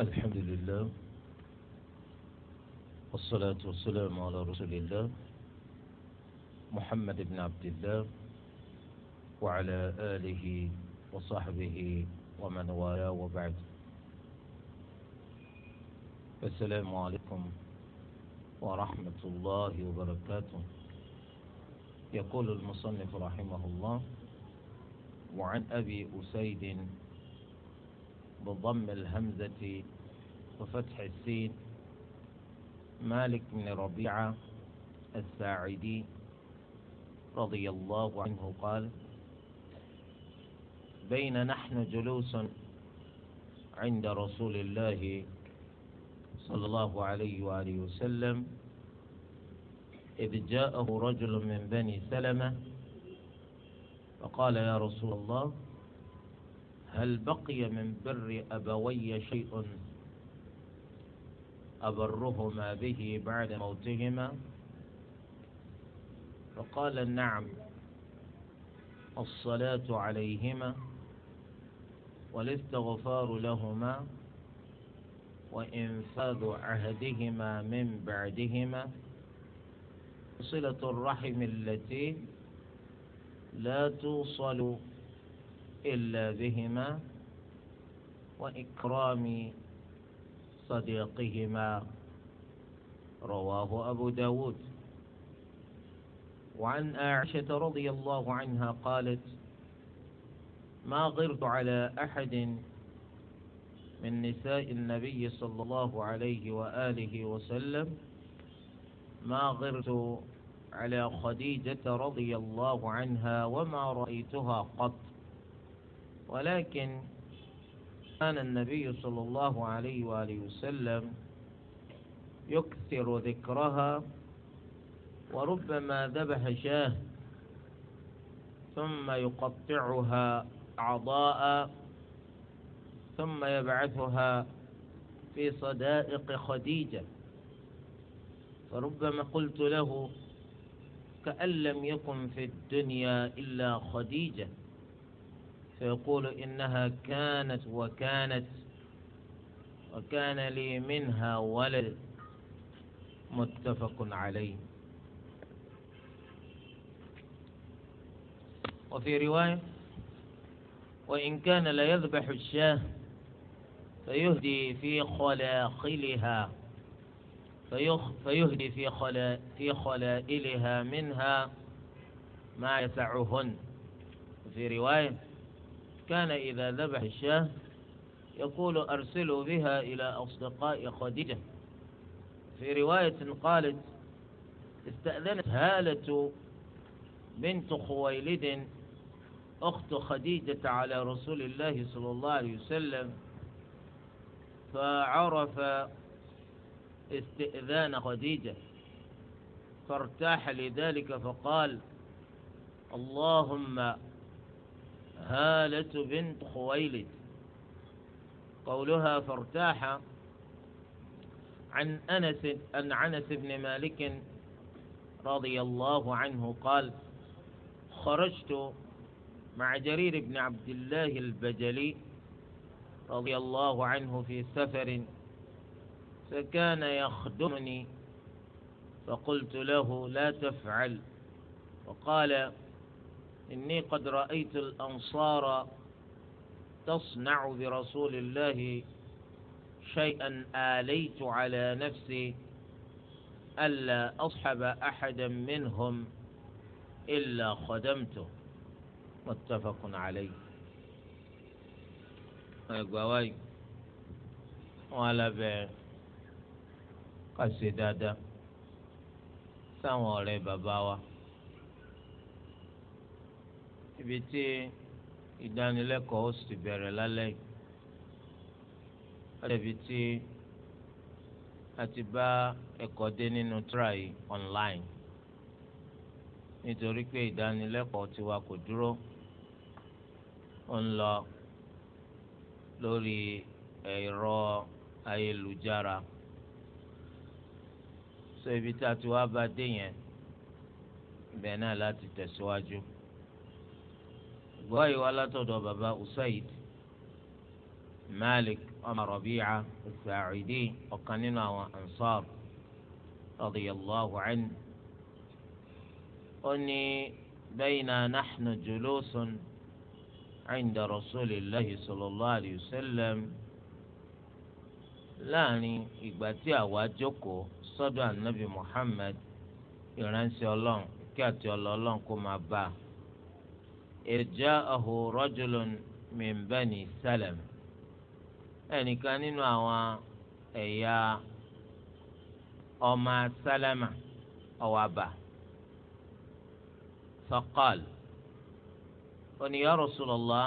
الحمد لله والصلاة والسلام على رسول الله محمد بن عبد الله وعلى آله وصحبه ومن والاه وبعد السلام عليكم ورحمة الله وبركاته يقول المصنف رحمه الله وعن أبي أسيد بضم الهمزة وفتح السين مالك بن ربيعة الساعدي رضي الله عنه قال بين نحن جلوس عند رسول الله صلى الله عليه وآله وسلم إذ جاءه رجل من بني سلمة فقال يا رسول الله هل بقي من بر أبوي شيء أبرهما به بعد موتهما فقال نعم الصلاة عليهما والاستغفار لهما وإنفاذ عهدهما من بعدهما صلة الرحم التي لا توصل إلا بهما وإكرام صديقهما رواه أبو داود وعن عائشة رضي الله عنها قالت ما غرت على أحد من نساء النبي صلى الله عليه وآله وسلم ما غرت على خديجة رضي الله عنها وما رأيتها قط ولكن كان النبي صلى الله عليه وآله وسلم يكثر ذكرها وربما ذبح شاه ثم يقطعها أعضاء ثم يبعثها في صدائق خديجة فربما قلت له كأن لم يكن في الدنيا إلا خديجة فيقول إنها كانت وكانت وكان لي منها ولد متفق عليه وفي رواية وإن كان ليذبح الشاه فيهدي في خلاخلها فيهدي في خلا في خلائلها منها ما يسعهن في رواية كان إذا ذبح الشاة يقول أرسلوا بها إلى أصدقاء خديجة في رواية قالت استأذنت هالة بنت خويلد أخت خديجة على رسول الله صلى الله عليه وسلم فعرف استئذان خديجة فارتاح لذلك فقال اللهم هالة بنت خويلد قولها فارتاح عن أنس عن أنس بن مالك رضي الله عنه قال خرجت مع جرير بن عبد الله البجلي رضي الله عنه في سفر فكان يخدمني فقلت له لا تفعل وقال إني قد رأيت الأنصار تصنع برسول الله شيئا آليت على نفسي ألا أصحب أحدا منهم إلا خدمته متفق عليه أقواي أيوة، ولا بيع قصدادا سامو علي باباوه ibi tí ìdánilẹ́kọ̀ọ́ sì bẹ̀rẹ̀ lálẹ́ yìí ibi tí a ti bá ẹ̀kọ́ dé nínú try online nítorí pé ìdánilẹ́kọ̀ọ́ tiwa kò dúró ó ń lọ lórí ẹ̀rọ ayélujára so ibi tí a ti wá bá dé yẹn ibẹ̀ náà láti tẹ̀síwájú. So, ìgbọ́yìí wá látọ̀dọ̀ bàbá usaid malik ọmọ rabi'a sa'idi ọ̀kan nínú àwọn ansar radiyallahu anhu ó ní bayna nahnu julusun inda rasulillahi sallallahu alayhi wa sallam láàrin ìgbà tí àwa jókòó sọ́dọ̀ anabi muhammad ìránṣẹ́ ọlọ́run kí àti ọlọ́ọ̀lọ́run kó máa bá a irja'ahu rajulun min bani salam ẹnìkan nínú àwọn ẹ̀yà ọmọ sálámà ọ̀wàbà faqal oni ya Rasulullah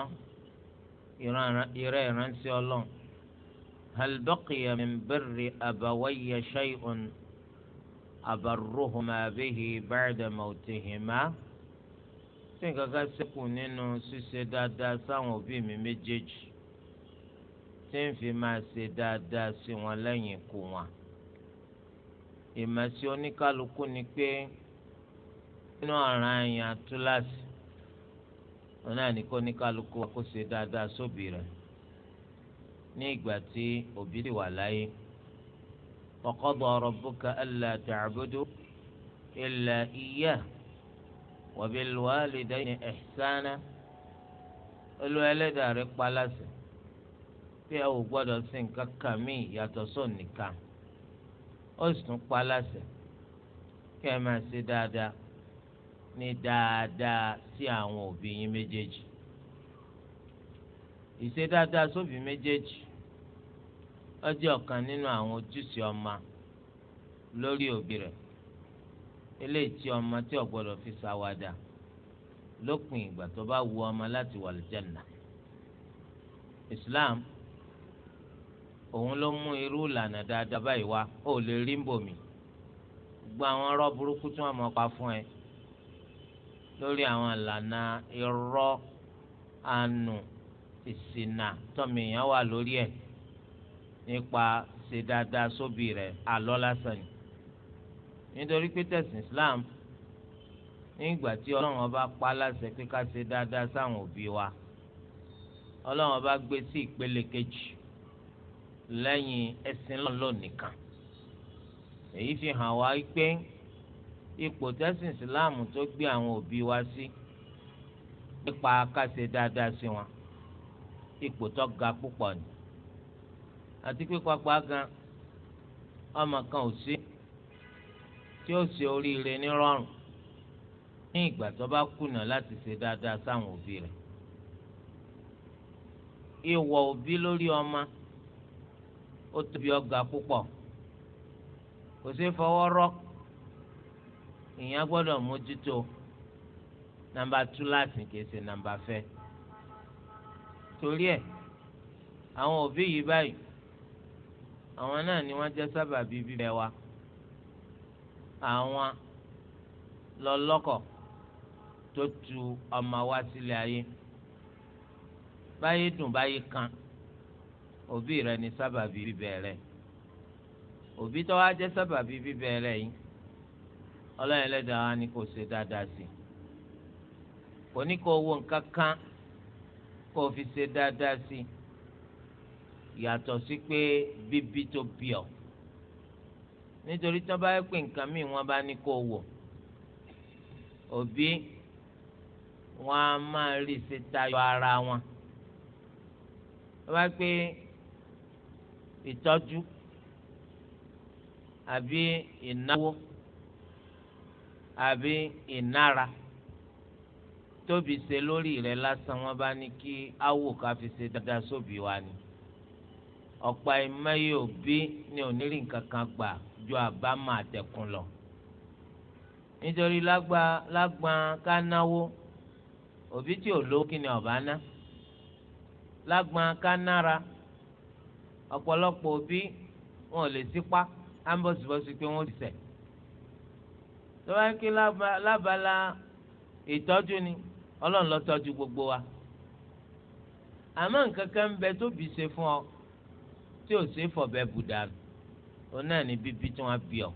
ìrẹ́ ìránṣẹ́ ọlọ́run hal baqiya min birri abawayya shay'un abarruhuma bihi ba'da mawtihima tí nǹkan kan ṣẹ́kù nínú ṣíṣe dáadáa sáwọn òbí mi méjèèjì tí ń fi máa ṣe dáadáa sí wọn lẹ́yìn ikú wọn. ìmọ̀sí oníkálukú ni pé nínú ọ̀ràn àyàn túláàsì wọn náà ní kó oníkálukú wa kó ṣe dáadáa sóbì rẹ̀ ní ìgbà tí òbí sì wà láyé. wa qada rabbuka alla ta'budu illa iyyah. wa bil walidayni ihsana olúwa rẹ̀ paláṣẹ pé ẹ gbọ́dọ̀ sí nǹkan kan mí yàtọ̀ sóun nìkan ó sì tún paláṣẹ kí ẹ máa ṣe dáadáa ní dáadáa sí àwọn òbí yín méjèèjì ìṣe dáadáa sóbí méjèèjì ó ọ̀kan nínú àwọn ojúṣe lórí òbí rẹ̀ eléyìí tí ọmọ tí ò gbọ́dọ̀ fi ṣàwàdà lópin ìgbà tó bá wu ọmọ láti wà lìjẹnà Islam òun ló mú irú ìlànà dáadáa báyìí wá ó lè rí bòmí gbogbo àwọn ọ̀rọ̀ burúkú tí wọ́n mọ pa fún ẹ lórí àwọn ìlànà irọ́ àánú ìṣìnà tọmìyàn wà lórí ẹ nípa ṣe dáadáa sóbì rẹ alọ lásán ni nítorí pé tẹ̀sìn Islam nígbà tí ọlọ́run ọba pa láṣẹ pé ká ṣe dáadáa sáwọn òbí wa ọlọ́run ọba gbé sí ìpele kejì lẹ́yìn ẹ̀sìn lọ́nlọ́ nìkan èyí fi hàn wá pé ipò tẹ̀sìn Islam tó gbé àwọn òbí wa sí nípa ká ṣe dáadáa sí wọn ipò tó ga púpọ̀ ni àti pé pápá gan ọmọ kan ò sí. Si tí ó ṣe oríire ní rọrùn ní ìgbà tó bá kùnà láti ṣe dáadáa sáwọn òbí rẹ̀ ìwọ òbí lórí ọmọ ó tóbi ọgá púpọ̀ kò sí fọwọ́ rọ́ ìyẹn gbọ́dọ̀ mójútó nàmbà tú láti kìí nàmbà fẹ́ torí ẹ̀ àwọn òbí yìí báyìí àwọn náà ni wọ́n jẹ́ sábàbí bíbẹ̀ wa àwọn lọ́lọ́kọ̀ tó tu ọmọ wa sílẹ̀ ayé báyìí dùn báyìí kan òbí rẹ ni sábàbí bíbẹ̀rẹ̀ òbí tó wá jẹ́ sábàbí bíbẹ̀rẹ̀ yìí ọlọ́run ẹlẹ́dàá wa ni kò ṣe dáadáa sí kò ní kó owó nǹkan kan kó o fi ṣe dáadáa sí yàtọ̀ sí pé bíbí tó bí ọ nítorí tí wọ́n bá pè nǹkan míì wọ́n bá ní kó wọ̀ òbí wọn a máa rí ṣe tayọ ara wọn wọ́n bá pè ìtọ́jú àbí ìnáwó àbí ìnára tóbi ṣe lórí rẹ̀ lásán wọ́n bá ní kí awò ká fi ṣe dáadáa sóbì wa ni ọ̀pọ̀ ẹ̀mẹ́yẹ òbí ni ò ní gbà ju àbámọ̀ àtẹ̀kùn lọ nítorí lágbà lágbàn ká náwó òbí tí ò lówó kí ni ọ̀bá ná lágbàn ká nára ọ̀pọ̀lọpọ̀ òbí wọn ò lè sípá á ń bọ̀sibọ́sí pé wọ́n ti sẹ̀ tọ́wá kí lábala ìtọ́jú ni ọlọ́run ló tọ́jú gbogbo wa àmọ́ nǹkan kan ń bẹ tóbi ṣe fún ọ tí ò sí fọ̀bẹ bùdànù òun náà ní bíbí tí wọ́n bí ọ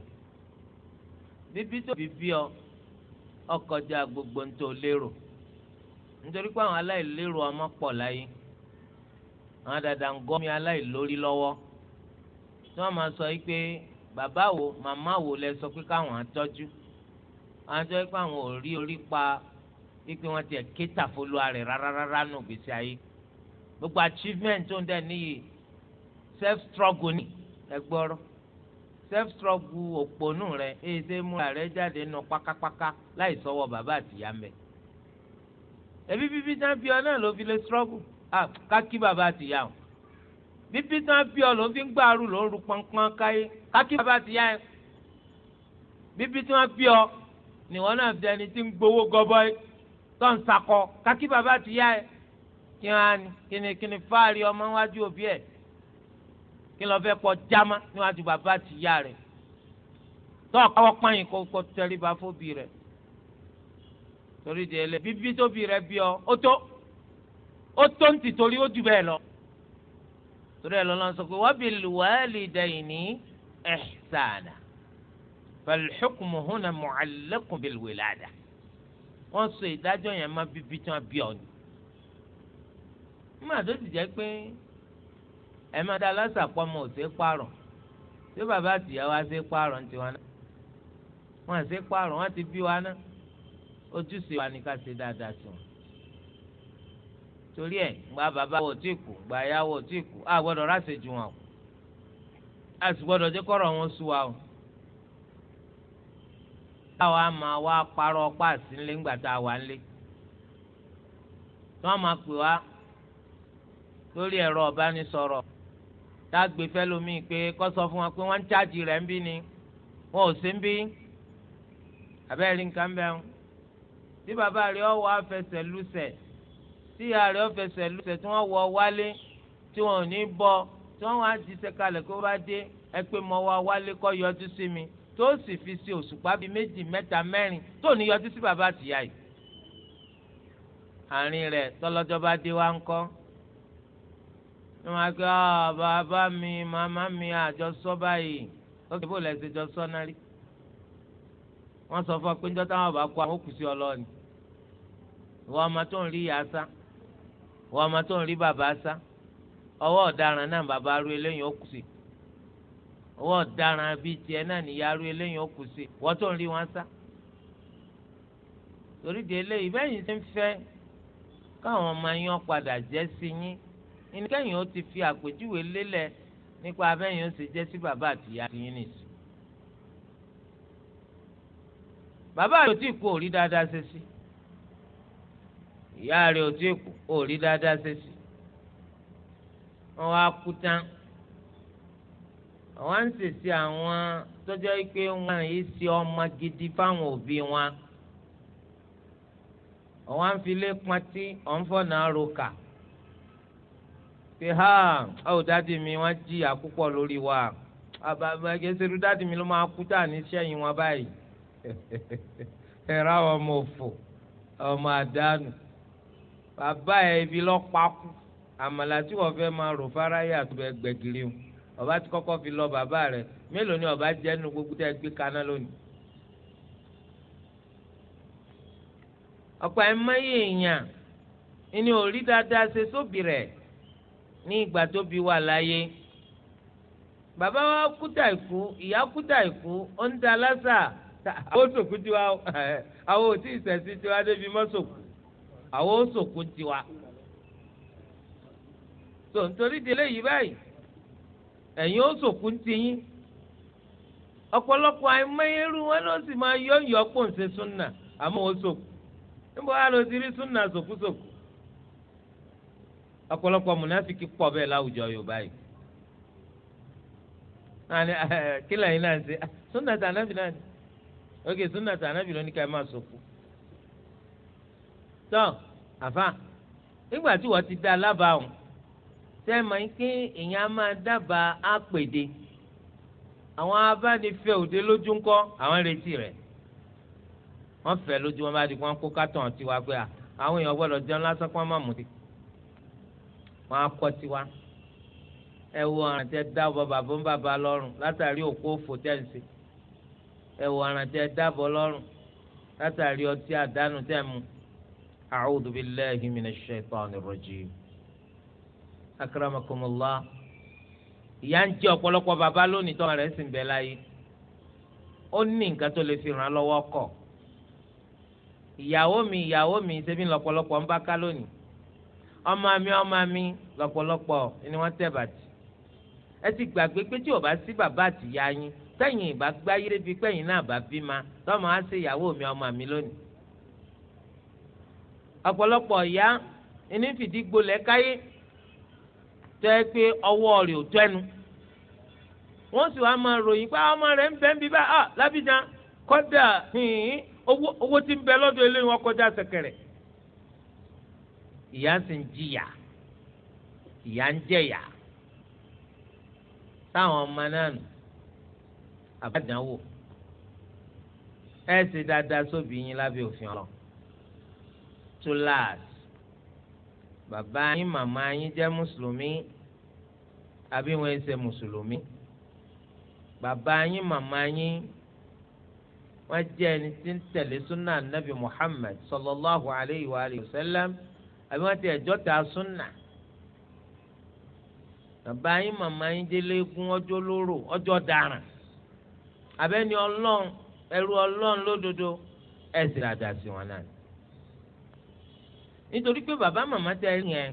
bíbí tó bí bí ọ ọkọjá gbogbo ń tó lérò nítorí pé àwọn aláìlérò ọmọ pọ̀ láyé àwọn dandan gọ́mi aláìlórí lọ́wọ́ tí wọ́n máa sọ yìí pé bàbá wo màmá wo lẹ sọ pé káwọn àtọ́jú àwọn tó pé àwọn ò rí orí pa pé wọ́n tiẹ̀ ké tàfolúwa rẹ̀ rárá nù gbèsè ayé gbogbo achievement tó ń dẹ̀ níyì self struggle ni ẹ self struggle òpònú rẹ èyí ṣe múra rẹ jáde nù pákápáká láì sọwọ bàbá àtìyá mẹ ẹbí bíbí tán bí ọ náà ló fi lè struggle ah ká kí bàbá àtìyá o bíbí tán bí ọ ló fi ń gbàrú ló ń ru pọnpọn káyé ká kí bàbá àtìyá yẹn bíbí tí wọn bí ọ níwọ náà fi ẹni tí ń gbowó gọbọi tó ń sakọ ká bàbá àtìyá yẹn kí wọn á ní fáàrí ọmọ wájú òbí ẹ kí ló fẹ́ kọ́ jámá níwájú bàbá àti ìyá rẹ̀ tó ọ̀káwọ́ pààyàn kó kó tẹríba fóbi rẹ̀ torí di ẹlẹ́ bíbí tóbi rẹ̀ bí ọ ó tó ó tó ń tì torí ó jù bẹ́ẹ̀ lọ torí ẹ̀ lọ́nà sọ pé wa bil walidayni ihsana fal hukmu huna mu'allaqun bil wilada wọ́n sọ ìdájọ́ yẹn má bíbí tí bí ọ ni. nígbà tó ti jẹ́ pé ẹ má dá lásàpọ̀ ọmọ òsè pààrọ̀ tí bàbá àtìyàwó á sé pààrọ̀ ní tiwọn náà wọn àsé pààrọ̀ wọn ti bí wa náà ojúṣe wa ni ká ṣe dáadáa sí torí ẹ gba bàbá wò tí kù gba ìyá wò tí kù á gbọ́dọ̀ ráṣẹ ju wọn o á sì gbọ́dọ̀ jẹ́ kọ́rọ̀ wọn sú wa o táwa máa wá parọ́ páàsì ńlẹ̀ ńgbà tá a wà ńlẹ̀ tí wọ́n máa pè wá lórí ẹ̀rọ ọ̀bánisọ̀rọ̀ dágbé fẹ́lómi pé kó sọ fún wa pé wọ́n ń chájì rẹ̀ ń bí ni wọn ò sí ń bí abẹ́rẹ́ nǹkan bẹ́ẹ̀ ń tí bàbá rẹ̀ ọ̀ wá fẹsẹ̀ lùsẹ̀ tí ìyá rẹ̀ ọ̀ fẹsẹ̀ lùsẹ̀ tí wọ́n wọ wálé tí wọn ò ní bọ́ tí wọ́n wá jíṣẹ́ kalẹ̀ kó bá dé ẹ pé mo wá wálé kó yọjú sí mi tó sì fi ṣe òṣùpá bíi méjì mẹ́ta mẹ́rin tó ní yọjú sí bàbá àtìyá yìí àárín rẹ̀ tọ́lọ́jọ́ bá dé wá ń kọ́ ní wọn kí ọ bàbá mi màmá mi àjọsọ báyìí ó kì í bò lẹsẹ jọ sọ náà rí wọn sọ fún ọ pé njọ táwọn bá kó àwọn òkú sí ọlọ́ọ̀ni ìwọ ọmọ tó ń rí ìyá sá ìwọ ọmọ tó ń rí bàbá sá ọwọ́ ọ̀daràn náà bàbá arú eléyìí ó kù sí ọwọ́ ọ̀daràn bíi tiẹ̀ náà nìyá arú eléyìí ó kù sí wọ́n tó ń rí wọn sá torí di eléyìí bẹ́ẹ̀ yìí ti ń fẹ́ káwọn ọmọ yín padà jẹ́ sí yín ìníkẹ́yìn ó ti fi àpèjúwe lélẹ̀ nípa abẹ́yìn ó ṣe jẹ́ sí bàbá àtìyá ti yín nìsí. bàbá rẹ̀ ò tí kú òrí dáadáa ṣe sí ìyá rẹ̀ ò tí kú òrí dáadáa ṣe sí wọ́n wá kú tán àwọn ń ṣèṣe àwọn tọ́jọ́ pé wọ́n yìí ṣe ọmọ gidi fáwọn òbí wọn àwọn ń filé pọntí ọ̀nfọ̀nà àròkà pé ha ọ̀ dáàdì mi wọ́n jìyà púpọ̀ lórí wa àbàbà gẹ̀ẹ́sẹ̀rú dáàdì mi ló máa kú tà ní sẹ́yìn wọn báyìí ẹ̀rọ àwọn ọmọ òfò ọmọ àdánù bàbá ẹ̀ ibi lọ́pàkú àmàlà tí wọ́n fẹ́ máa rò fáráyé àtúbẹ̀ gbẹ̀gìrì o ọba ti kọ́kọ́ fi lọ bàbá rẹ̀ mélòó ni ọba jẹ́ nínú gbogbo tẹ́ gbé kaná lónìí. ọ̀pọ̀ ẹ̀ mọ́ yìí yàn ìní ò rí dáadáa ṣe sóbì rẹ̀. ní ìgbà tó bí wà láyé bàbá wa kúta ìkú ìyá kúta ìkú ó ń da lásà àwọn òsòkú tiwa àwọn òtí ìsẹ̀sí tiwa débi mọ́sòkú àwọn òsòkú tiwa tó nítorí délé yìí báyìí ẹ̀yin òsòkú ti yín ọ̀pọ̀lọpọ̀ àìmọyeru wọn ló sì máa yọ ń ṣe súnà àmọ́ ọ̀pọ̀lọpọ̀ mùnàfíkì pọ̀ bẹ́ẹ̀ láwùjọ yorùbá yìí àní eh, eh, kí lẹ́yìn náà ń ṣe ah, súnàtà ànábì náà ni ok súnàtà ànábì ló ní ká ẹ máa sọkù tọ́ àfa nígbà tí wọ́n ti dá lábàá ọ̀hún tẹ́ ẹ máa ń pín èèyàn á máa dábàá àpèdè àwọn abánifẹ́ òde lójú ńkọ́ àwọn retí rẹ̀ wọ́n fẹ́ lójú wọn bá di kí kó kátàn tiwa pé ah, àwọn èèyàn gbọ́dọ̀ jẹun lásán kí wọ́n má mutí wọn á kọ́ tiwa ẹ wo ọ̀ràn tẹ dábọ̀ bàbá ń bàbá lọ́rùn látàrí òkú òfò tẹ̀sí ẹ wo ọ̀ràn tẹ dábọ̀ lọ́rùn látàrí ọtí àdánù tẹ̀ mu. A'udhu billahi minash shaitanir rajim. akramakumullah ìyá ń jẹ́ ọ̀pọ̀lọpọ̀ bàbá lónìí tọ́mọ rẹ̀ sì ń bẹ láyé ó ní nǹkan tó lè fi ràn án lọ́wọ́ kọ̀ ìyàwó mi ìyàwó mi ṣe bí lọ́pọ̀lọpọ̀ ń bá ká lónìí ọmọ mi ọmọ mi lọ́pọ̀lọpọ̀ ni wọ́n tẹ̀ bàtì ẹ ti gbàgbé pé tí o bá sí bàbá àtìyá yín tẹ̀yìn ìbá gbáyé débi pẹ́yìn náà bá bí ma tọ́mọ á sí ìyàwó mi ọmọ mi lónìí ọ̀pọ̀lọpọ̀ ìyá ẹni fìdí gbolẹ̀ káyé tẹ́ ẹ pé ọwọ́ rẹ̀ ò tẹ́nu wọ́n sì wá máa ròyìn pé ah, ọmọ rẹ̀ ń bẹ́ ń bí bá a lábìjà kọ́dà owó ti ń bẹ lọ́dọ̀ eléyìí wọn kọjá sẹ̀kẹ̀rẹ̀ ìyá sì ń jìyà ìyá ń jẹ̀yà táwọn ọmọ náà nù àbájáwò ẹ ṣe dáadáa sóbì yín lábẹ́ òfin ọ̀rọ̀ tó láàsì bàbá yín màmá yín jẹ́ mùsùlùmí àbí wọn ṣe mùsùlùmí bàbá yín màmá yín wọ́n jẹ́ ẹni tí ń tẹ̀lé súnà nàbì Muhammad sallallahu alayhi wa sallam àbí wọ́n ti ẹ̀jọ́ ta súnà bàbá yín màmá yín délé gún ọjọ́ lóró ọjọ́ daràn abẹ́ni ọlọ́run ẹrú ọlọ́run lódodo ẹ̀ sì rà dà sí wọn náà nítorí pé bàbá màmá tẹ ẹ yẹn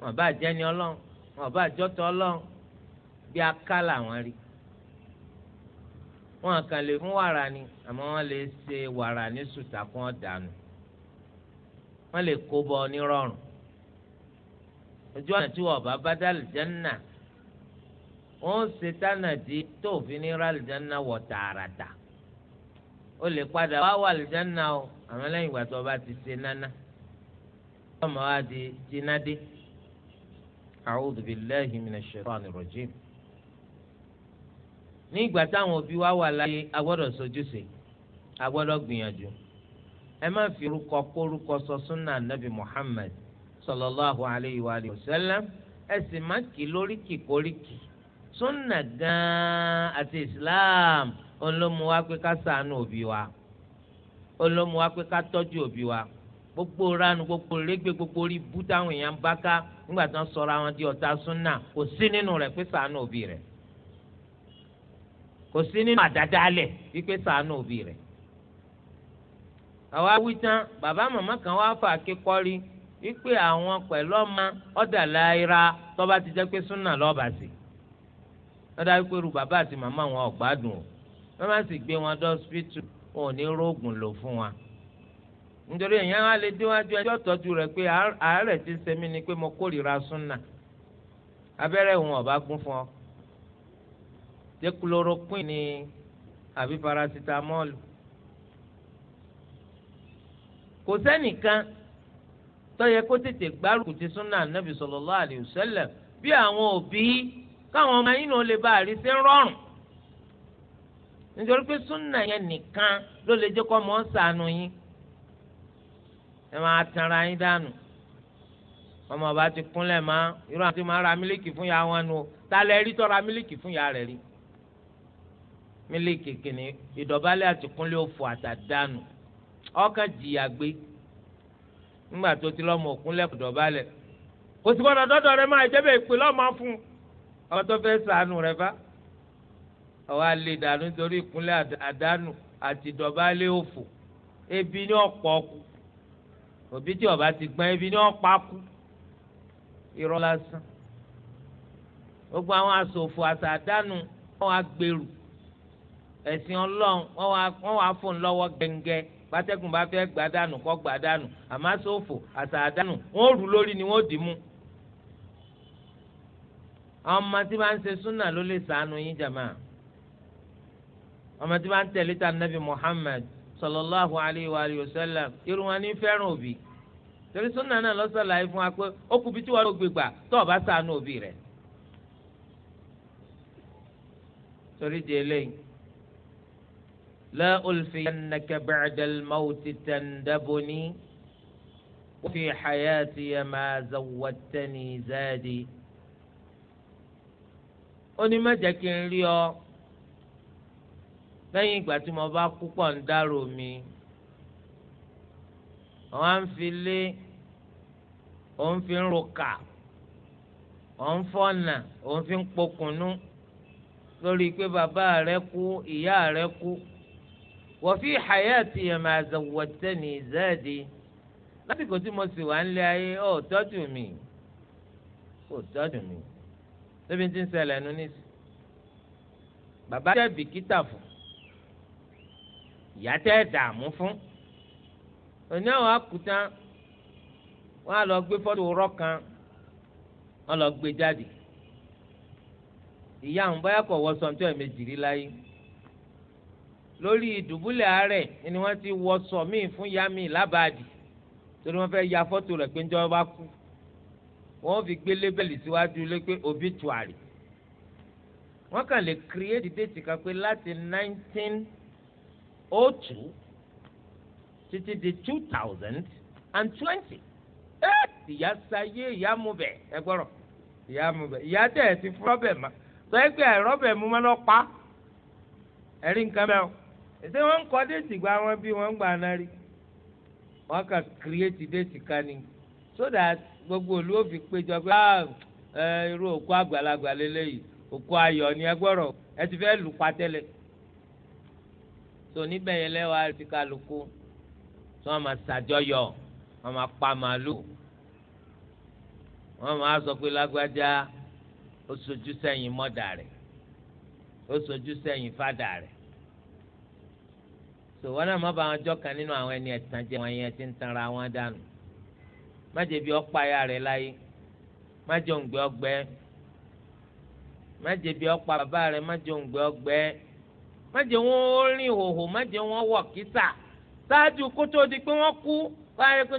wọn bá jẹni ọlọ́run wọn bá jọtọ ọlọ́run bí aká làwọn rí wọn kàn lè fún wàrà ni àmọ́ wọn lè ṣe wàrà ní sùtà kún ọdànù wọ́n lè kó bọ nírọ̀rùn ojú ọ̀nà tí wọ́n bá bá dá àlùjánnà wọ́n ṣe tánàdí tó fi ní ra àlùjánnà wọ̀ tààràtà ó lè padà wá wà àlùjánnà o àmọ́ lẹ́yìn ìgbà tó bá ti ṣe nánà ọmọ wa di jinadé a'udhu billahi minash shaitani rajim ní ìgbà táwọn òbí wa wà láyé a gbọ́dọ̀ ẹ má fi orúkọ kórúkọ sọ súnà nàbì Muhammad sallallahu alayhi wa alihi wa sallam ẹ sì má kì lóríkì kóríkì súnà gan-an àti islam olómu wa pé ká òbí wa wa pé ká tọ́jú òbí wa gbogbo ranu gbogbo rẹgbẹ gbogbo orí bú táwọn èèyàn bá ká nígbà tí wọn wọn di ọta súnà kò sí nínú pé òbí àwa wí tán bàbá màmá kan wá fà kíkọ́rí wípé àwọn pẹ̀lú ọmọ ọ̀dà láìra tọ́ba ti jẹ́ pé súnà lọ́ọ̀bà sí lọ́dà wípé ru bàbá àti màmá wọn ọ̀gbádùn o wọ́n má sì gbé wọn dọ́sípítù wọn ò ní róògùn lò fún wa nítorí èèyàn á lè déwájú ẹjọ́ tọ́jú rẹ̀ pé àárẹ̀ ti ṣe ni pé mo kórìíra súnà abẹ́rẹ́ òun ọ̀bá gún fún ọ jẹ́ kuloroquine ni àbí parasitamọ́ọ̀lù kò sẹ́nìkan tó yẹ kó tètè gbárùkù ti súnà nàbì sallallahu alaihi wasallam bí àwọn òbí káwọn ọmọ yìí ló lè bá àrísé rọrùn nítorí pé súnà yẹn nìkan ló lè jẹ́ kó mọ́ sànù yín ẹ máa tanra yín dànù ọmọ ọba ti kúnlẹ̀ mọ́ irú àti máa ra mílíkì fún ya wọn nu ta rí tọ́ ra mílíkì fún ya rẹ̀ rí mílíkì kìnnì ìdọ̀bálẹ̀ àti kúnlẹ̀ òfò àtàdánù ọkàn jìyà gbé ńgbà tó ti lọ́mọ òkun lẹ́kùn dọ̀bálẹ̀ kò sí gbọ́dọ̀ dọ́dọ̀ rẹ máa jẹ́ bẹ́ẹ̀ pé lọ́mọ fún ọ tó fẹ́ sànù rẹ bá ọwọ́ alẹ́ dànù nítorí ìkúnlẹ̀ àdánù àti dọ̀bálẹ̀ òfò ebi ní ọ̀pọ̀ kù òbí tí ọba ti gbọ́n ebi ní ọ̀pá kù irọ́ lásán gbogbo àwọn asòfò àtàdánù wọn wá gbèrú ẹ̀sìn ọlọ́run wọn wá fún un lọ́wọ́ gẹ́ngẹ́ gbàtẹ́gùn bá fẹ́ gbà dànù kọ́ gbà dànù àmọ́ ni wọ́n dì mú. àwọn ọmọ tí bá ń ṣe súnà ló lè sànù yín jàmá ọmọ tí bá ń tẹ̀lé ta nabi sallallahu alayhi wa wa sallam irun wa ní fẹ́ràn òbí torí súnà náà lọ́sàlàyé fún wa pé ó bí tí wọ́n gbé gbà o sànù òbí rẹ̀ torí di eléyìí لا ألفينك بعد الموت تندبني وفي حياتي ما زودتني زادي oni má jẹ́ kí n rí ọ lẹ́yìn ìgbà tí mo bá kú pọ̀ ń dárò mi wọ́n á ń fi lé òun fi ń roka òun fọ́nà òun fi ń pokùnú lórí pé bàbá rẹ kú ìyá rẹ kú wọ́fí hayati ẹ̀mà àzọ̀wọ̀tẹ́ni zẹ́ẹ̀dì lásìkò tí mo sì wà ń lé ayé ọ̀ tọ́jú mi ọ̀ tọ́jú mi lóbi tí ń ṣẹlẹ̀ nu ní sùn bàbá tẹ́ bìkítà fún ìyá tẹ́ dààmú fún òní àwọn akùtàn wọn á lọ gbé fọ́tò rọ́kan wọn lọ gbé jáde ìyá àwọn báyà kọ̀ wọ́ sọ́ńtò ẹ̀ méjì rí láyé lórí ìdùbúlẹ̀ àárẹ̀ ni wọ́n ti wọ sọ míì fún ya míì lábàádì torí wọ́n fẹ́ ya fọ́tò rẹ̀ pé ń jọ́ bá kú wọ́n fi gbé lébẹ̀lì síwájú lé pé obituary wọ́n kàn lè create date kan pé láti 1902, oh two títí di two thousand and twenty eh! ìyá sayé ìyá mu bẹ̀ ẹ gbọ́rọ̀ ìyá mu bẹ̀ ìyá tẹ̀ ẹ̀ ti fún rọ́bẹ̀ ma sọ é pé ẹ̀ rọ́bẹ̀ mu mọ́ lọ́pàá ẹ̀rí nǹkan mẹ́wọ́ ṣé wọ́n ń kọ́ déètì gba wọn bí wọ́n ń gbà náà rí wọ́n kàn kírẹ́ẹ̀tì déètì kan ni so that gbogbo olú òfin péjọ pé ah, irú òkú àgbàlagbà lélẹ́yìí òkú ayọ̀ ni ẹgbọ́rọ̀ ẹ ti fẹ́ lù pa tẹ́lẹ̀ so níbẹ̀ yẹn lẹ́wàá ti kálukú tí wọ́n máa ṣàjọyọ̀ wọ́n máa pa màálù wọ́n máa sọ pé lágbájá ó sojú sẹ́yìn mọ́dà rẹ̀ ó sojú sẹ́yìn fádà rẹ̀ tó wọn náà má ba àwọn ọjọ́ kan nínú àwọn ẹni ẹ̀tàn jẹ wọn yẹn ti ń tanra wọn dànù má jẹ́ bí ọ̀pá ya rẹ̀ láyé má jẹ́ òǹgbẹ ọgbẹ má jẹ́ bí ọ̀pá bàbá rẹ̀ má jẹ́ òǹgbẹ ọgbẹ má jẹ́ wọn rìn hòhò má jẹ́ wọn wọ̀ kísà ṣáájú kó di pé wọ́n kú báyìí kí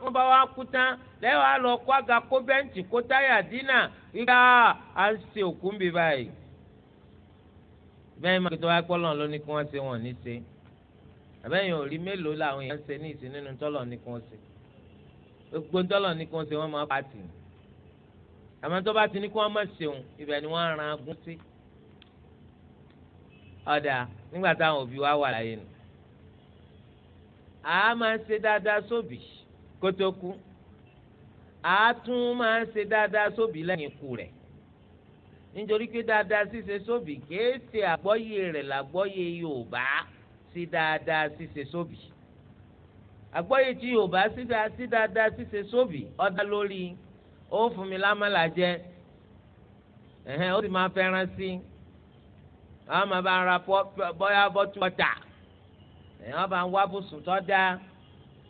wọ́n bá wa kú tán lẹ́wọ̀ á lọ kó àga kó bẹ́ǹtì kó táyà dínà ìgbà á ah, ṣe òkú ń bì báyìí bẹ́ẹ̀ máa kí tó wá pọ́ lọ́n lóní kí wọ́n ṣe wọ́n ní ṣe àbẹ́yìn ò rí mélòó làwọn èèyàn ń ṣe ní ìsìn nínú tọ́lọ̀ ní kò ṣe gbogbo tọ́lọ̀ ní kò ṣe wọ́n máa pàtì àmọ́ tó bá ti ní kí wọ́n má ṣeun ibẹ̀ ni wọ́n ran agún sí ọ̀dà nígbà táwọn òbí wa wà láyé nù àá máa ń ṣe dáadáa sóbì kó tó kú àá tún máa ń ṣe dáadáa sóbì lẹ́yìn ikú rẹ̀ nítorí pé dáadáa ṣíṣe sóbì kéé àgbọ́yé rẹ̀ làgbọ́yé Yorùbá sí dáadáa ṣíṣe sóbì àgbọ́yé tí yorùbá sí dáadáa ṣíṣe sóbì ọ̀dà lórí ó fún mi lámàlà jẹ ẹ̀hẹ́n ó sì máa fẹ́ràn sí àwọn máa bá ara bọ́yá bọ́tú ọ̀tà ẹ̀hẹ́n ọba ń wá bùsùn tó dáa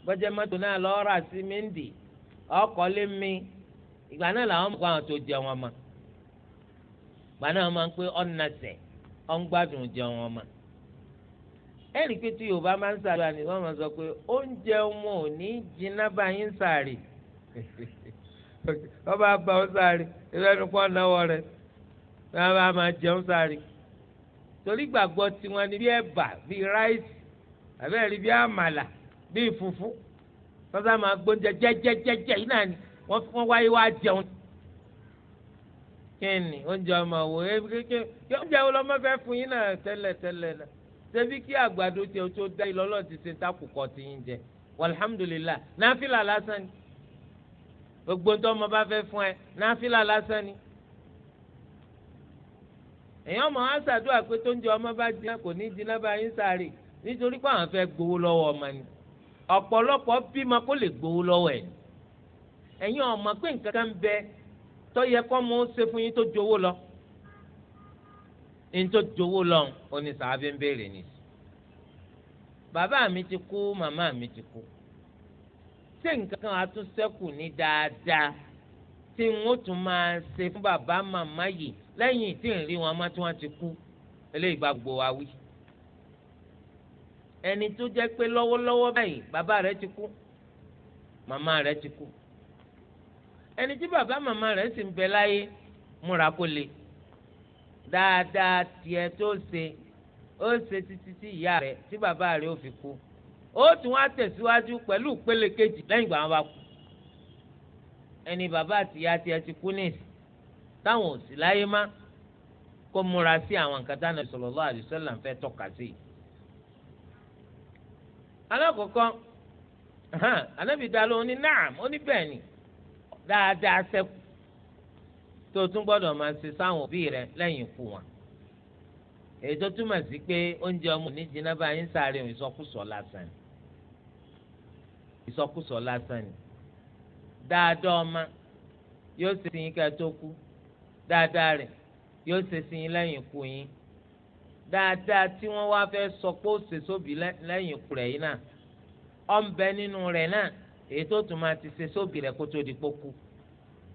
gbọ́jẹ́ mọ́tò náà lọ́ọ́ rà sí míǹdì ọkọ̀ lé mi ìgbà náà làwọn mọ̀ àwọn tó jẹ wọn mọ̀ ìgbà náà wọ́n máa ń pé ọ̀nà sẹ̀ ọ̀ ń gbádùn jẹ wọn mọ̀ ẹ̀rí pé tí yorùbá máa ń sàdúrà ni wọ́n máa sọ pé oúnjẹ wọn ò ní jiná bá yín sàárè wọ́n bá bá ọ sàárè ìfẹ́ nu kọ́ náwó rẹ̀ wọ́n bá máa jẹun sàárè torí gbàgbọ́ tiwọn ni bí ẹ̀bà bí ráìsì àbẹ́rẹ́ bí àmàlà bí fùfú wọ́n sá máa gbóúnjẹ jẹ́jẹ́jẹ́jẹ́ yìí náà ni wọ́n wáyé wá jẹun kí ni oúnjẹ ọmọ wò é oúnjẹ wo lọ́mọ fẹ́ fún yín náà tẹ́lẹ̀ tẹ́lẹ̀ náà ṣebí kí àgbàdo tiẹ̀ tó dá ilé ọlọ́run ti ṣe takùkọ ti yín jẹ walhamdulillah náfìlà lásán ni gbogbo tó ọmọ bá fẹ́ fún ẹ náfìlà lásán ni èèyàn mọ̀ á ṣàdúrà pé tó ń jẹ ọmọ bá jiná kò ní jiná bá yín sáré nítorí pé àwọn fẹ́ gbowó lọ́wọ́ ọmọ ni ọ̀pọ̀lọpọ̀ bímọ kó lè gbowó lọ́wọ́ ẹ̀ ẹ̀yin ọmọ pé nǹkan kan bẹ tó yẹ kọ́ mọ́ ó ṣe fún yín tó jowó lọ nítorí jowó lọ oní sàábí ń béèrè ni bàbá mi ti kú màmá mi ti kú ṣé nǹkan kan àtúnṣẹ́kù ní dáadáa tí wọ́n tún máa ṣe fún bàbá màmá yìí lẹ́yìn tí ń rí wọn má tí wọ́n ti kú eléyìí bá gbọ́ wa wí. ẹni tó jẹ́ pé lọ́wọ́lọ́wọ́ báyìí bàbá rẹ̀ ti kú màmá rẹ̀ ti kú ẹni tí bàbá màmá rẹ̀ sì ń bẹ láyé múra kó le dáadáa tiẹ̀ tó ṣe ó ṣe títí tí ìyá rẹ̀ tí bàbá rẹ̀ ò fi kú ó tún wá tẹ̀síwájú pẹ̀lú ìpele kejì lẹ́yìn ìgbà wọn bá kú ẹni bàbá àti ìyá tiẹ̀ ti kú nìsí táwọn ò sí láyé má kó múra sí àwọn nǹkan táwọn sallallahu alaihi wasallam fẹ́ tọ́ka sí i. alákọ̀ọ́kọ́ anábìdá ló ní naam ó ní bẹ́ẹ̀ ni dáadáa sẹ́kù tó tún gbọ́dọ̀ máa ṣe sáwọn òbí rẹ lẹ́yìn ikú wọn èyí tó túmọ̀ sí pé oúnjẹ ọmọ ní jiná báyìí sáré òun ìsọkúsọ lásán ni ìsọkúsọ lásán ni dáadáa ọmọ yóò ṣe sìn yín ká tó kú dáadáa rẹ̀ yóò ṣe sìn yín lẹ́yìn ikú yín dáadáa tí wọ́n wá fẹ́ sọ pé ó ṣe sóbì lẹ́yìn ikú rẹ̀ yín náà ọ̀ nínú rẹ̀ náà èyí tó tún ti ṣe sóbì rẹ̀ kó tó di pókú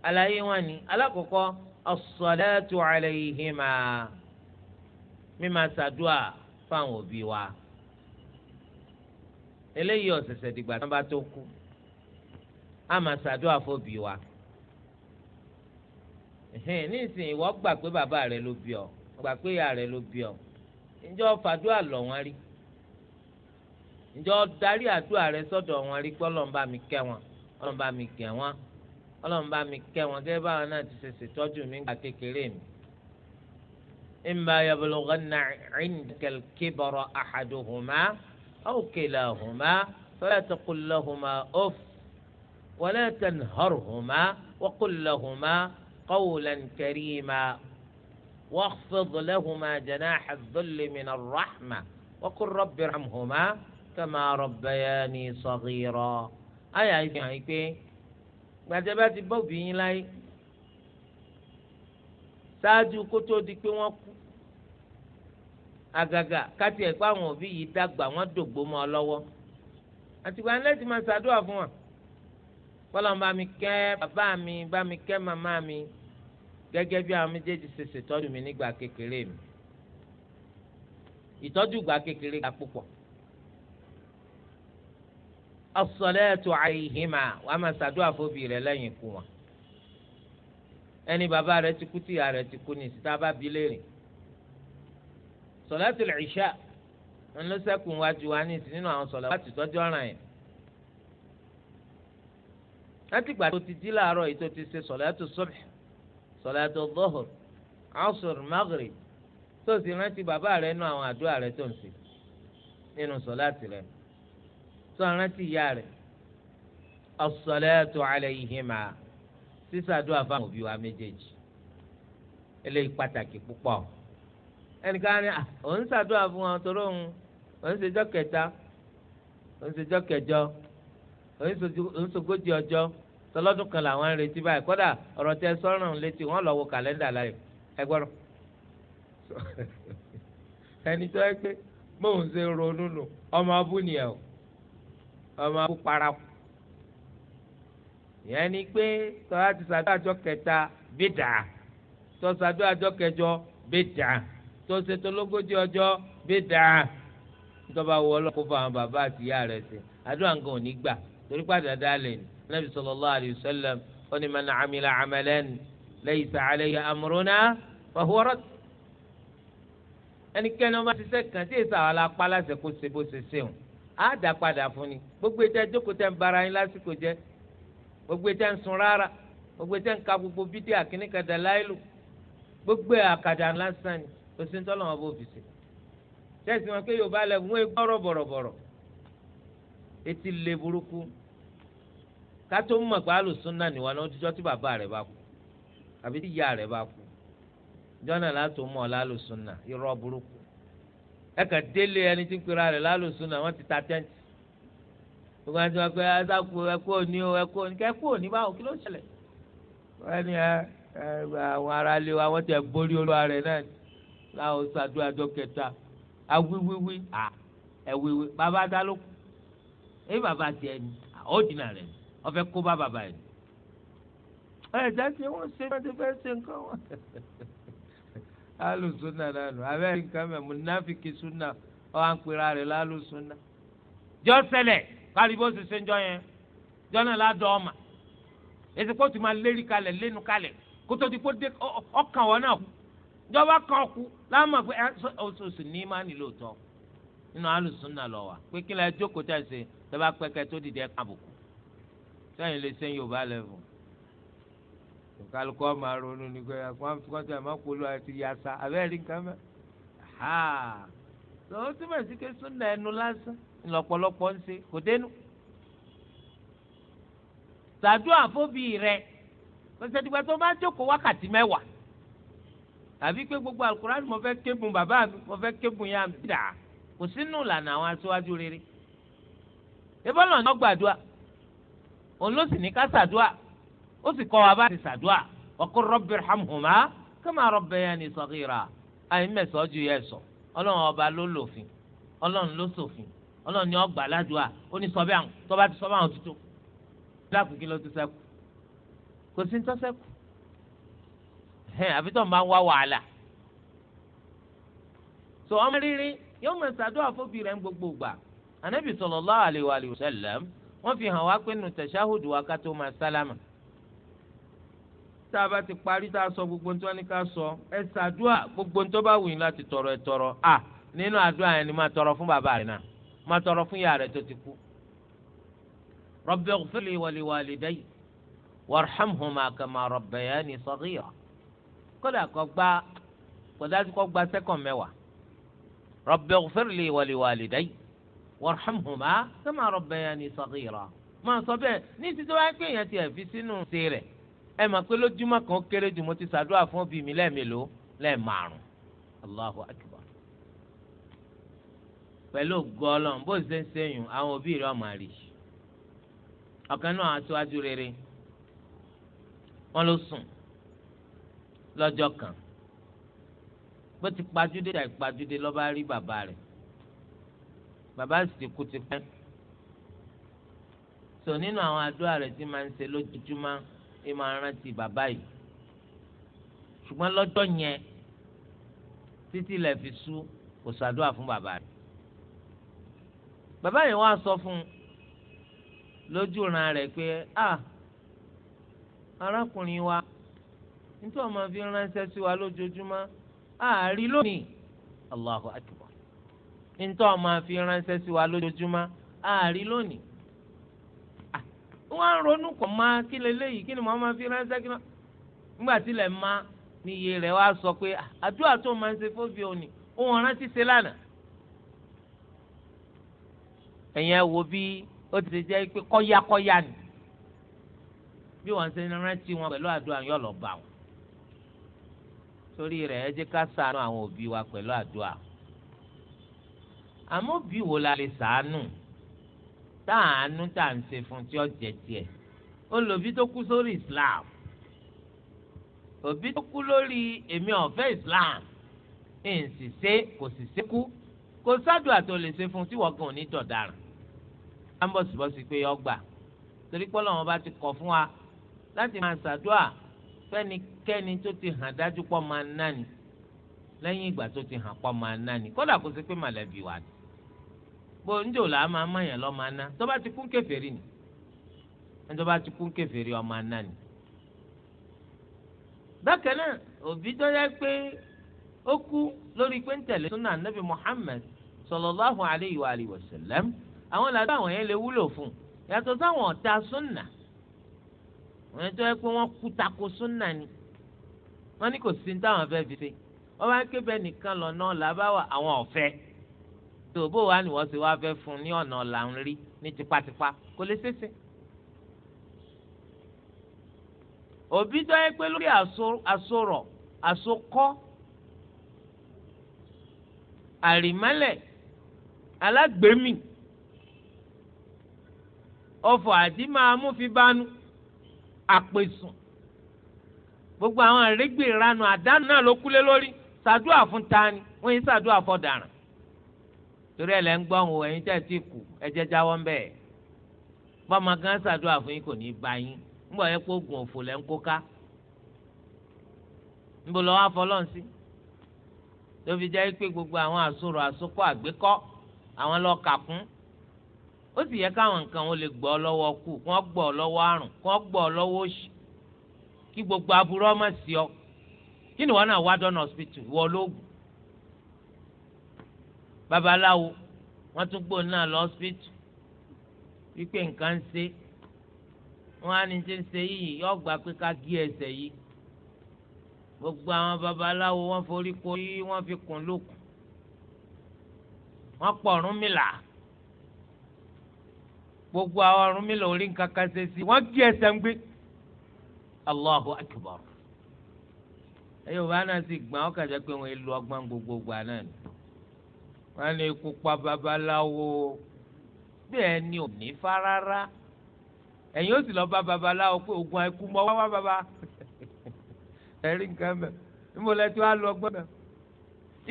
àlàyé wọn ni alákọ̀ọ́kọ́ as-salatu alayhima mímà ṣàdúà fáwọn òbí wa eléyìí ọ̀sẹ̀sẹ̀ dìgbà tí wọ́n bá tó kú a máa ṣàdúà fóbí wa nísìnyí ìwọ gbà pé bàbá rẹ ló bí ọ gbà pé ìyá rẹ ló bí ọ ǹjọ́ fàdúà lọ̀ wọ́n rí ǹjọ́ darí àdúà rẹ sọ́dọ̀ wọn rí pé ọlọ́run mi kẹ́ wọn ọlọ́run mi gẹ̀ wọn ọlọ́run bá mi kẹ́ wọn gẹ́gẹ́ báwọn náà ti ṣẹ̀ṣẹ̀ tọ́jú mi gba kékeré mi. imma yablughanna indaka al-kibara ahaduhuma aw kilahuma fala taqul lahuma uff wala tanharhuma wa qul lahuma qawlan karima واخفض لهما جناح الذل من الرحمة وقل رب ارحمهما كما ربياني صغيرا أي أي gbàtẹ́ bá ti bọ́ òbí láyé ṣáájú kó di pé wọ́n kú àgàgà káti ẹ̀ pé àwọn òbí yìí dàgbà wọ́n dògbò mọ́ ọ lọ́wọ́ àtìgbà ńlẹ́ ti máa ṣàdúrà fún wa fọlọ́n bá mi kẹ́ bàbá mi bá mi kẹ́ màmá mi gẹ́gẹ́ bí àwọn méjèèjì ṣe ṣètọ́jú mi nígbà kékeré mi ìtọ́jú ìgbà kékeré ga púpọ̀ as-salatu alayhima wà á máa ṣàdúrà fóbi rẹ̀ lẹ́yìn ikú wọn. ẹni bàbá rẹ̀ ti kú tíyà rẹ̀ ti kú ní ìsìtá bá bi léèrè. salatul isha ńlọ́sẹ̀kùn wájú wa ní ìsìn nínú àwọn sọ̀lá láti tọ́jú ọ̀ràn yẹn. láti gbà tó ti dí láàárọ̀ yìí tó ti ṣe sọ̀látù subh sọ̀látù dhuhr asr maghrib tó sì rántí bàbá rẹ̀ nínú àwọn àdúrà rẹ̀ tó ń ṣe nínú sọ̀látì sọ arántí ìyá rẹ̀ as-salatu alayhima sísàdúrà fáwọn òbí wa méjèèjì eléyìí pàtàkì púpọ̀ ẹnìkan ní òun ṣàdúrà fún wọn torí òun òun ṣèjọ kẹta òun ṣèjọ kẹjọ òun ọjọ́ tọlọ́dún kan làwọn ń retí báyìí kódà ọ̀rọ̀ tẹ wọ́n kàlẹ́ndà láì ẹgbọ́rọ̀ ẹni tó ọmọ kú paraku ìyẹn ni pé tọ́lá ti sàdó àjọ kẹta bídà tó sàdó àjọ kẹjọ bídà tó ṣètò lógójì ọjọ́ bídà nítorí wọ́n lọ́kọ́ fún àwọn bàbá àti ìyá rẹ̀ sí àdúrà nǹkan ò ní gbà torí pàdé àdáálẹ̀ ni nàbì sallallahu alayhi wa sallam ó ní man amila amalan laysa alayhi amruna fahuwa radd ẹnikẹ́ni ọmọ ti sẹ́kàn tí èsì àwọn alápá láṣẹ kó ṣe bó ṣe A dà padà fún ni gbogbo ètò ẹjọ́kọ̀ tẹ̀ ń bara yín lásìkò jẹ́ gbogbo ètò ẹ̀ ń sun rárá gbogbo ètò ẹ̀ ń ka gbogbo bídí àkíníkàdà láìlù gbogbo àkàdà lásán ni kò sí ní tọ́lọ́wọ́n bó fi ṣe tẹ́sí wọn pé yorùbá lẹ̀ ń gbọ́rọ̀ bọ̀rọ̀bọ̀rọ̀ etí le burúkú kátó mọ̀ pé alùsùn náà nìwọ náà jíjọ́ tí bàbá rẹ̀ bá kú àbí tí ìyá rẹ̀ bá kú ẹ̀ka délé ẹni tí ń pera rẹ̀ lálùsùn náà wọ́n ti ta tẹ́ǹtì gbogbo àti wọn pé ẹ̀sàkó ẹ̀kú òní o ẹ̀kú òní kẹ́kú òní báwo kí ló ṣẹlẹ̀ wọ́n ẹ àwọn ará lé wa wọ́n ti ẹ̀ borí olúwa rẹ̀ náà láwọn ṣàdúrà jọ kẹta awíwíwí ẹ̀wíwí bàbá dá ẹ bàbá tiẹ̀ ni ọ̀dínà rẹ̀ ọ̀fẹ́ kó bá bàbá yẹn. ẹ̀ dá sí ṣe é ti fẹ́ ṣe nǹkan wọn. lálù súnà nánu abẹ́rẹ́ nǹkan mẹ́ múnáfíkì súnà ọ̀hà ń pera rẹ̀ lálù súnà. jọ́ sẹlẹ̀ kárí bó ṣe ṣe ń jọ yẹn jọ́ náà ládọ́ ọ̀mà èsì kó tì máa lérí kalẹ̀ lẹ́nu kalẹ̀ kó tó di kó dé ọkàn wọn náà kú jọba kan kú láàmú pé oṣooṣù ní má nílò tọ́ nínú àlù súnà lọ wà pé kí lóò jókòó tẹ̀sí tẹ́ bá pẹ́kẹ́ tó dìde ẹ̀ káàbùkù sẹ́yìn lè sẹ́yìn yorùbá lẹ́fọ̀ọ́ kálukọ́ máa ronú ní pé àkọ́ńtì àmọ́kúlù àti yasa abẹ́rẹ́ nǹkan mẹ́ ha lọ́wọ́ túmọ̀ sí pé súnà ẹnu lásán ńlọpọlọpọ ń ṣe kò dénú ṣàdúrà fóbi rẹ kọsẹdìgbà tó máa jókòó wákàtí mẹ́wàá tàbí pé gbogbo alukurani mo fẹ́ kébùn bàbá mi mo fẹ́ kébùn ya mi dà kò sínú ìlànà àwọn aṣáájú rere ebọ́lọ̀ ní ọgbàdúà òun ló sì ní ká ṣàdúà ó sì kọ́ wa bá ti ṣàdúà wa qur rabbi irhamhuma kama rabbayani saghira àyìn mẹ́sàn-án ju yẹ sọ ọlọ́run ọba ló lòfin ọlọ́run ló sòfin ọlọ́run ni ọgbà ládùúà ó ní sọ́bẹ̀ àwọn tọ́ba ti sọ́bẹ̀ àwọn tuntun dákun kí ló ti sẹ́kù kò sí ní tọ́ sẹ́kù àfi tó máa ń wá wàhálà so ọmọ rírí yóò máa ṣàdúrà fóbi rẹ̀ ń gbogbo gbà ànábì sallallahu alaihi wa sallam wọ́n fi hàn wá pé nù tẹ̀síáhùdù máa sálámà tá a bá ti parí tá a sọ gbogbo tó ní ká sọ ẹ ṣàdúrà gbogbo tó bá wù yín láti tọrọ ẹ tọrọ à nínú àdúrà yẹn ni máa tọrọ fún bàbá rẹ náà máa tọrọ fún ìyá rẹ tó ti kú. rabbighfir li wa li walidayya warhamhuma kama rabbayani saghira kódà kó gbá kódà kó gbá sẹ́kọ̀n mẹ́wàá rabbighfir li wa li walidayya warhamhuma kama rabbayani saghira máa sọ bẹ́ẹ̀ ní títí wáyé pé èèyàn ti ẹ̀ fi sínú ṣe ẹ mà pé lójúmọ́ kan kéré jù mo ti ṣàdúrà fún òbí mi lẹ́ẹ̀mélòó lẹ́ẹ̀márùn allahu akbar pẹ̀lú gọlọ́n bó ṣe ń sẹ́yìn àwọn òbí rẹ̀ ọ̀mà rí ọ̀kan náà aṣáájú rere wọ́n ló sùn lọ́jọ́ kan bó ti pajúdé àì pajúdé lọ́ba rí bàbá rẹ̀ bàbá sì ti kú ti pẹ́ sọ nínú àwọn àdúrà rẹ̀ tí máa ń ṣe lójoojúmọ́ ẹ máa rántí bàbá yìí ṣùgbọ́n lọ́jọ́ yẹn títí ilẹ̀ fi ṣú kò ṣàdúrà fún bàbá rẹ̀ bàbá yẹn wá sọ fún un lójú ran rẹ̀ pé a arákùnrin wa nítorí ọmọ fi ránṣẹ́ sí wa lójoojúmọ́ a lónìí Allahu akbar nítorí ọmọ fi ránṣẹ́ sí wa lójoojúmọ́ a lónìí wọ́n á ronú kàn máa kí leléyìí kí ni mo máa fi ránṣẹ́ kí ni nígbà tí ilẹ̀ máa ní iye rẹ̀ wá sọ pé ah, àdúrà tó máa ń ṣe fóbi òní òun rántí ṣe lánàá. ẹ̀yin ẹ wo bí ó ti jẹ́ pé kọ́yákọ́yá ni bí wọ́n ṣe rántí wọn pẹ̀lú àdúrà yóò lọ bá wọn. torí rẹ̀ ẹ jẹ́ ká ṣàánú àwọn òbí wa pẹ̀lú àdúrà àmọ́ bí wo la lè ṣàánú táàánú tá à ń ṣe fún tí ó jẹ tiẹ̀ ó tó kú sórí islam òbí tó kú lórí èmi ọ̀fẹ́ islam ìǹsìṣẹ́ kò sì ṣekú kò sádùá tó lè ṣe fún tí wọ́n gan ò ní dọ̀daràn ambọ̀sibọ́sí pé ọgbà torí pé Ọlọ́run bá ti kọ̀ fún wa láti máa ṣàdúà fẹ́nikẹ́ni tó ti hàn dájú pọ̀ máa náni lẹ́yìn ìgbà tó ti hàn pọ̀ máa náni kódà kó ṣe pé màlẹ́bí wa ni bó ń jòlá máa má yẹn lọ́ọ́ máa tó bá ti kún kèfèrí ni ẹni tó bá ti kún ọmọ aná ni. bákan náà òbí tó yẹ pé ó kú lórí sallallahu wa alihi wa àwọn làdá àwọn yẹn lè wúlò fún un yàtọ̀ sáwọn ọ̀tá súnà wọ́n tó yẹ pé wọ́n kú tako súnà ni wọ́n ní kò sí ní táwọn fẹ́ fi bá ké bẹ́ẹ̀ tó bó wa ni wọ́n ti wá fẹ́ fún un ní ọ̀nà ọ̀la ń rí ní tipátipá kò lè ṣeéṣe. òbí tó yẹ pé lórí àsorọ̀ àsokọ́ àrìmọ́lẹ̀ alágbèémì ọ̀fọ̀ àti máa mú fi bánu àpèsùn gbogbo àwọn àrégbè ìranu àdánù náà ló kúlé lórí ṣàdúà fún tani wọ́n yìí ṣàdúà fọ́ dàrán. torí ẹ̀ lẹ́ ń gbọ́ ohun ẹ̀yin tẹ̀ ti kù ẹ̀jẹ̀ jáwọ́ ń bẹ̀ bọ́mọ gan ṣàdúrà ní í ba yín ńgbọ́ yẹ kó oògùn òfò lẹ́ ń kó ká lọ́wọ́ afọlọ́n sí jẹ́ pé gbogbo àwọn àsòrò àsokọ́ àgbékọ́ àwọn lọ́ọ́ kà ó sì yẹ káwọn nǹkan wọn lè gbọ́ lọ́wọ́ kù kí wọ́n gbogbo aburú ọmọ sí ọ kí hospital wọ lóògùn babaláwo wọ́n tún gbóhùn náà lọ ọsibítù wípé nǹkan ń ṣe wọ́n á ní ṣe ń ṣe yìí yọ gbà pé ká gé ẹsẹ̀ yìí gbogbo àwọn babaláwo wọ́n forí korí wọ́n fi kùn lókun wọ́n pọ̀ Ọ̀rúnmìlà gbogbo àwọn Ọ̀rúnmìlà orí nǹkan kan ṣe sí wọ́n gé ẹsẹ̀ ń gbé Allahu akbar ẹ yóò bá náà sì gbọ́n ọ́ kàjá pé wọ́n lu ọgbọ́n gbogbogbò àná ni wọn lè kó pa babaláwo bẹ́ẹ̀ ni ò ní fa rárá ẹ̀yin ó sì lọ bá babaláwo pé oògùn àìkú mọ́ wá wá bàbá ẹ̀rí nǹkan mẹ́ níbo lẹ tí wàá lọ gbọ́dọ̀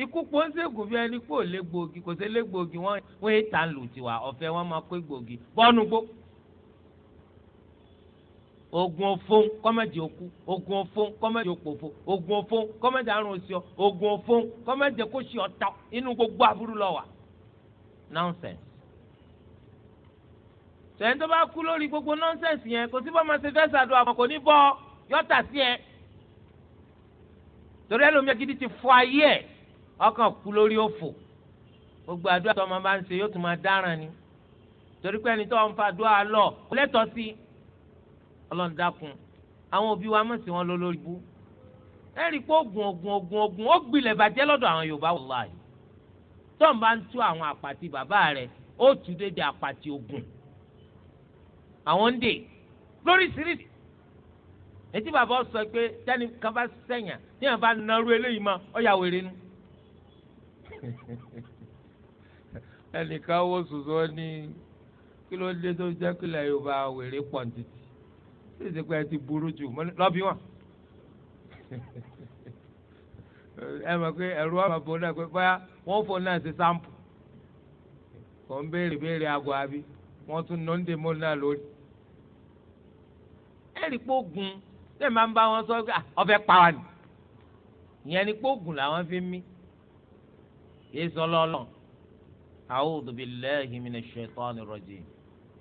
ikú pọ́ńsẹ̀gùn bí ẹni pé ò lé gbòógì kò sí lé gbòógì wọ́n wọ́n yé tà ń lù tiwa ọ̀fẹ́ wọn máa pé gbòógì bọ́ọ̀nù gbòógì ogun ofun kọ́mẹ́jì òkú ogun ofun kọ́mẹ́jì òpòfo ogun ofun kọ́mẹ́jì àrùn òsìọ́ ogun ofun kọ́mẹ́jì kò sí ọ̀tá inú gbogbo aburú lọ wà nonsense sẹ́yìn tó bá kú lórí gbogbo nonsense yẹn kò sí bá máa ṣe fẹ́ sàdúrà kò ní bọ́ yọ́tà sí ẹ torí ẹlòmíyàn gidi ti fọ ayé ẹ ọkàn kú lórí òfò gbogbo àdúrà tó ọmọ bá ń ṣe yóò tún máa dáràn ni torí pé ẹni tó ń fa àdúrà lọ kò lẹ́tọ̀ọ́ sí i ọlọ́run àwọn òbí wa mọ̀ sí wọn lólórí bú ẹ rí i pé ogun ogun ogun ó gbilẹ̀ bàjẹ́ lọ́dọ̀ àwọn yorùbá wàláhì tó ń bá ń tú àwọn àpàtì bàbá rẹ̀ ó tú dédé àpàtì ogun àwọn ń dè lóríṣiríṣi ètí bàbá sọ pé tẹ́ni kan bá sẹ̀yàn tí yàn bá narú eléyìí mọ́ ọ yà wèrè nu ẹnìkan wo sòsò ni kí ló dé tó jẹ́ kílẹ̀ yorùbá wèrè pọ̀ títí ṣé ìṣe pé ẹ ti burú jù lọ́bí wọn ẹ mọ̀ pé ẹ̀rú àwọn àbò náà pé báyà wọ́n fò náà ṣe sáǹpù kò ń béèrè béèrè aago àbí wọ́n tún nọ ń dè mọ́ náà lórí. ẹ̀rí pógun tẹ̀ máa ń bá wọn sọ pé ọbẹ̀ pa wá ni ìyẹn ni pógun làwọn fi mí yéé sọ lọ́lọ́ a'udhu billahi minash shaitani rajim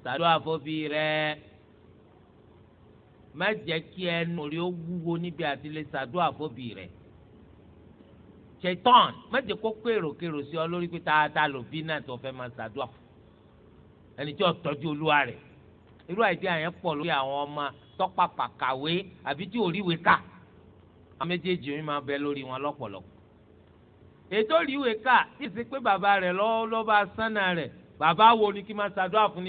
sàdúrà fọ́bí rẹ̀ má jẹ́ kí ẹnu rí ó wúwo níbi àti lè ṣàdúrà fóbì rẹ̀ ṣetán má jẹ́ kó kéròkérò sí ọ lórí pé tààtà lòbí náà tó fẹ́ máa ṣàdúrà ẹni tí ó tọ́jú olúwa rẹ̀ irú àìdí àyẹn pọ̀ lórí àwọn ọmọ tọ́pàpà kàwé àbí tí ò ríwe kà àwọn méjèèjì mi máa bẹ lórí wọn lọ́pọ̀lọpọ̀ ètò ríwe kà tí ì pé bàbá rẹ̀ lọ́wọ́ lọ́ba sánà rẹ̀ bàbá wo ni kí máa ṣàdúrà fún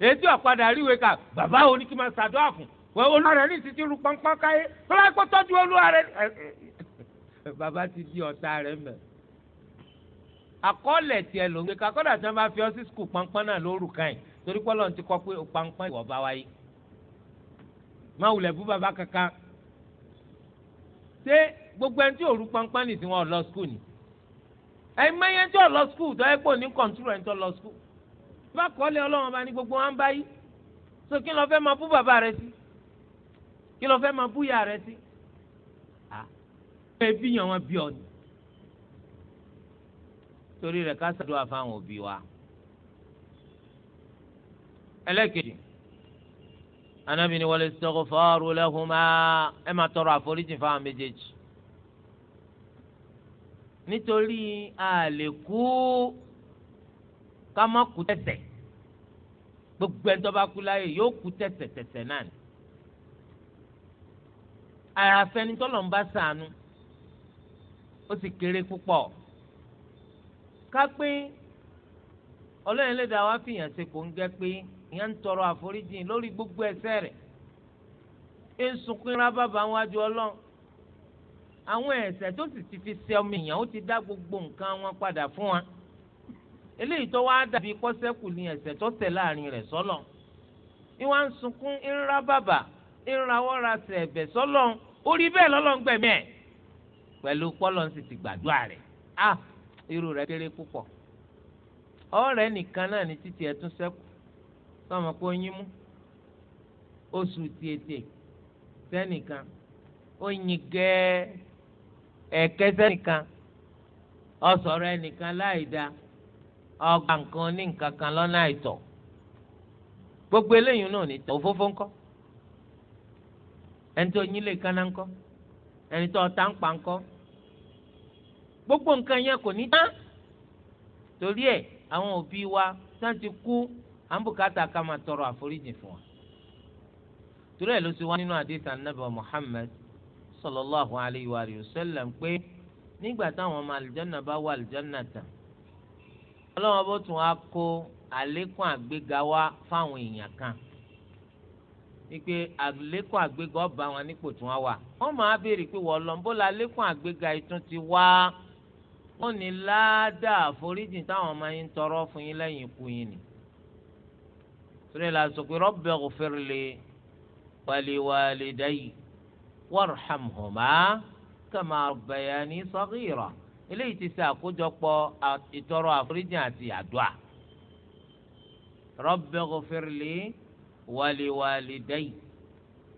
ètí ọ̀padà ríwe ká bàbá òní kí máa ṣàdúrà fún olúwa rẹ̀ ní ìsìtì ru pọ́npọ́n káyé tó bá kó tọ́jú olúwa rẹ̀ bàbá ti di ọ̀tá rẹ̀ mẹ́. àkọọ́lẹ̀ tiẹ̀ ló ń gbé kakọ́dà tí wọ́n bá fi ọ sí skul pọ́npọ́n náà lóru káyìn torí pọ́lọ́ ti kọ́ pé pọ́npọ́n ìwọ̀ bá wáyé. má wulẹ̀ bú bàbá kankan. ṣé gbogbo ẹni tí òru pọ́npọ́n nì sí wọn lọ skul ni? ẹ̀yin mẹ́yẹn tí ò lọ skul tó ẹ bá kọ́lé ọlọ́run bá ní gbogbo wọn bá yí so kí ló fẹ́ máa bú bàbá rẹ sí kí ló fẹ́ máa bú ìyá rẹ sí à ẹ bí yàn wọn bí ọ ni torí rẹ ká ṣàdúrà fáwọn òbí wa ẹlẹ́kejì anabi ni wọlé sọ́kò fọ́ọ̀rù lẹ́hùn máa ẹ máa tọrọ àforíjì fáwọn méjèèjì nítorí a Kama má kú tẹ̀tẹ̀ gbogbo ẹni tó bá kú láyé yóò kú tẹ̀tẹ̀ tẹ̀tẹ̀ náà ni àyàfẹ́ni tọ́lọ̀ ń bá ṣàánú ó sì kéré púpọ̀ ká pé lè dá wa fìyàn ṣe kò ń gẹ́ pé ìyẹn ń tọrọ àforíjì lórí gbogbo ẹ̀ṣẹ̀ rẹ̀ ẹ ń sunkún ra bàbá wájú ọlọ́run àwọn ẹ̀ṣẹ̀ tó sì ti fi ṣe ọmọ èèyàn ó ti dá gbogbo nǹkan wọn padà fún wa eléyìí tó wá dàbí pọ́sẹ́kù ni ẹ̀ṣẹ̀ tó tẹ̀ láàrin rẹ̀ sọ́lọ̀ ìwà ń sunkún ńra bàbà ńrawọ́ra sẹ̀ ẹ̀bẹ̀ sọ́lọ̀ orí bẹ́ẹ̀ lọ́lọ́ ń gbẹ̀mí ẹ̀ pẹ̀lú pọ́lọ́ sì ti gbàdúrà rẹ̀ a irú rẹ̀ kéré púpọ̀ ọ̀rẹ́ nìkan náà ní títí ẹ̀ tún sẹ́kù sọmọ pé oyin mú oṣù tiẹ̀tiẹ̀ sẹ́nìkan oyin gẹ́ẹ́ ẹ̀kẹ́ sẹ́nìkan ọ̀sọ̀rọ̀ ẹnìkan láì dáa ọgbà nǹkan ní nǹkan kan lọ́nà àìtọ́ gbogbo eléyìí náà ní tọ́ òfófó ńkọ́ ẹni tó yín lè kánná ńkọ́ ẹni tó ọ̀tá ń pa ńkọ́ gbogbo nǹkan yẹn kò ní tán torí ẹ̀ àwọn òbí wa tán ti kú àǹbùkátà ká máa tọrọ àforíjì fún wa torí ẹ̀ ló ti wá nínú àdìsá nàbà Muhammad sallallahu alayhi wa sallam pé nígbà táwọn ọmọ àlùjánnà bá wà àlùjánnà tán ọlọ́wọ́n bó tún á kó àlékún àgbéga wá fáwọn èèyàn kan wípé àlékún àgbéga ọba wọn nípò tí wọ́n wà wọ́n máa béèrè pé wọ́n lọ bó la àlékún àgbéga ìtún ti wá ó ní ládàá àforíjì táwọn máa ń tọrọ fún yín lẹ́yìn ikú yín ni sórí la sọ pé rabbi ghfir li wa li walidayya warhamhuma kama rabbayani saghira eléyìí ti ṣe àkójọpọ̀ ìtọrọ àforíjì àti àdúà Rabbi ghfirli waliwalidayya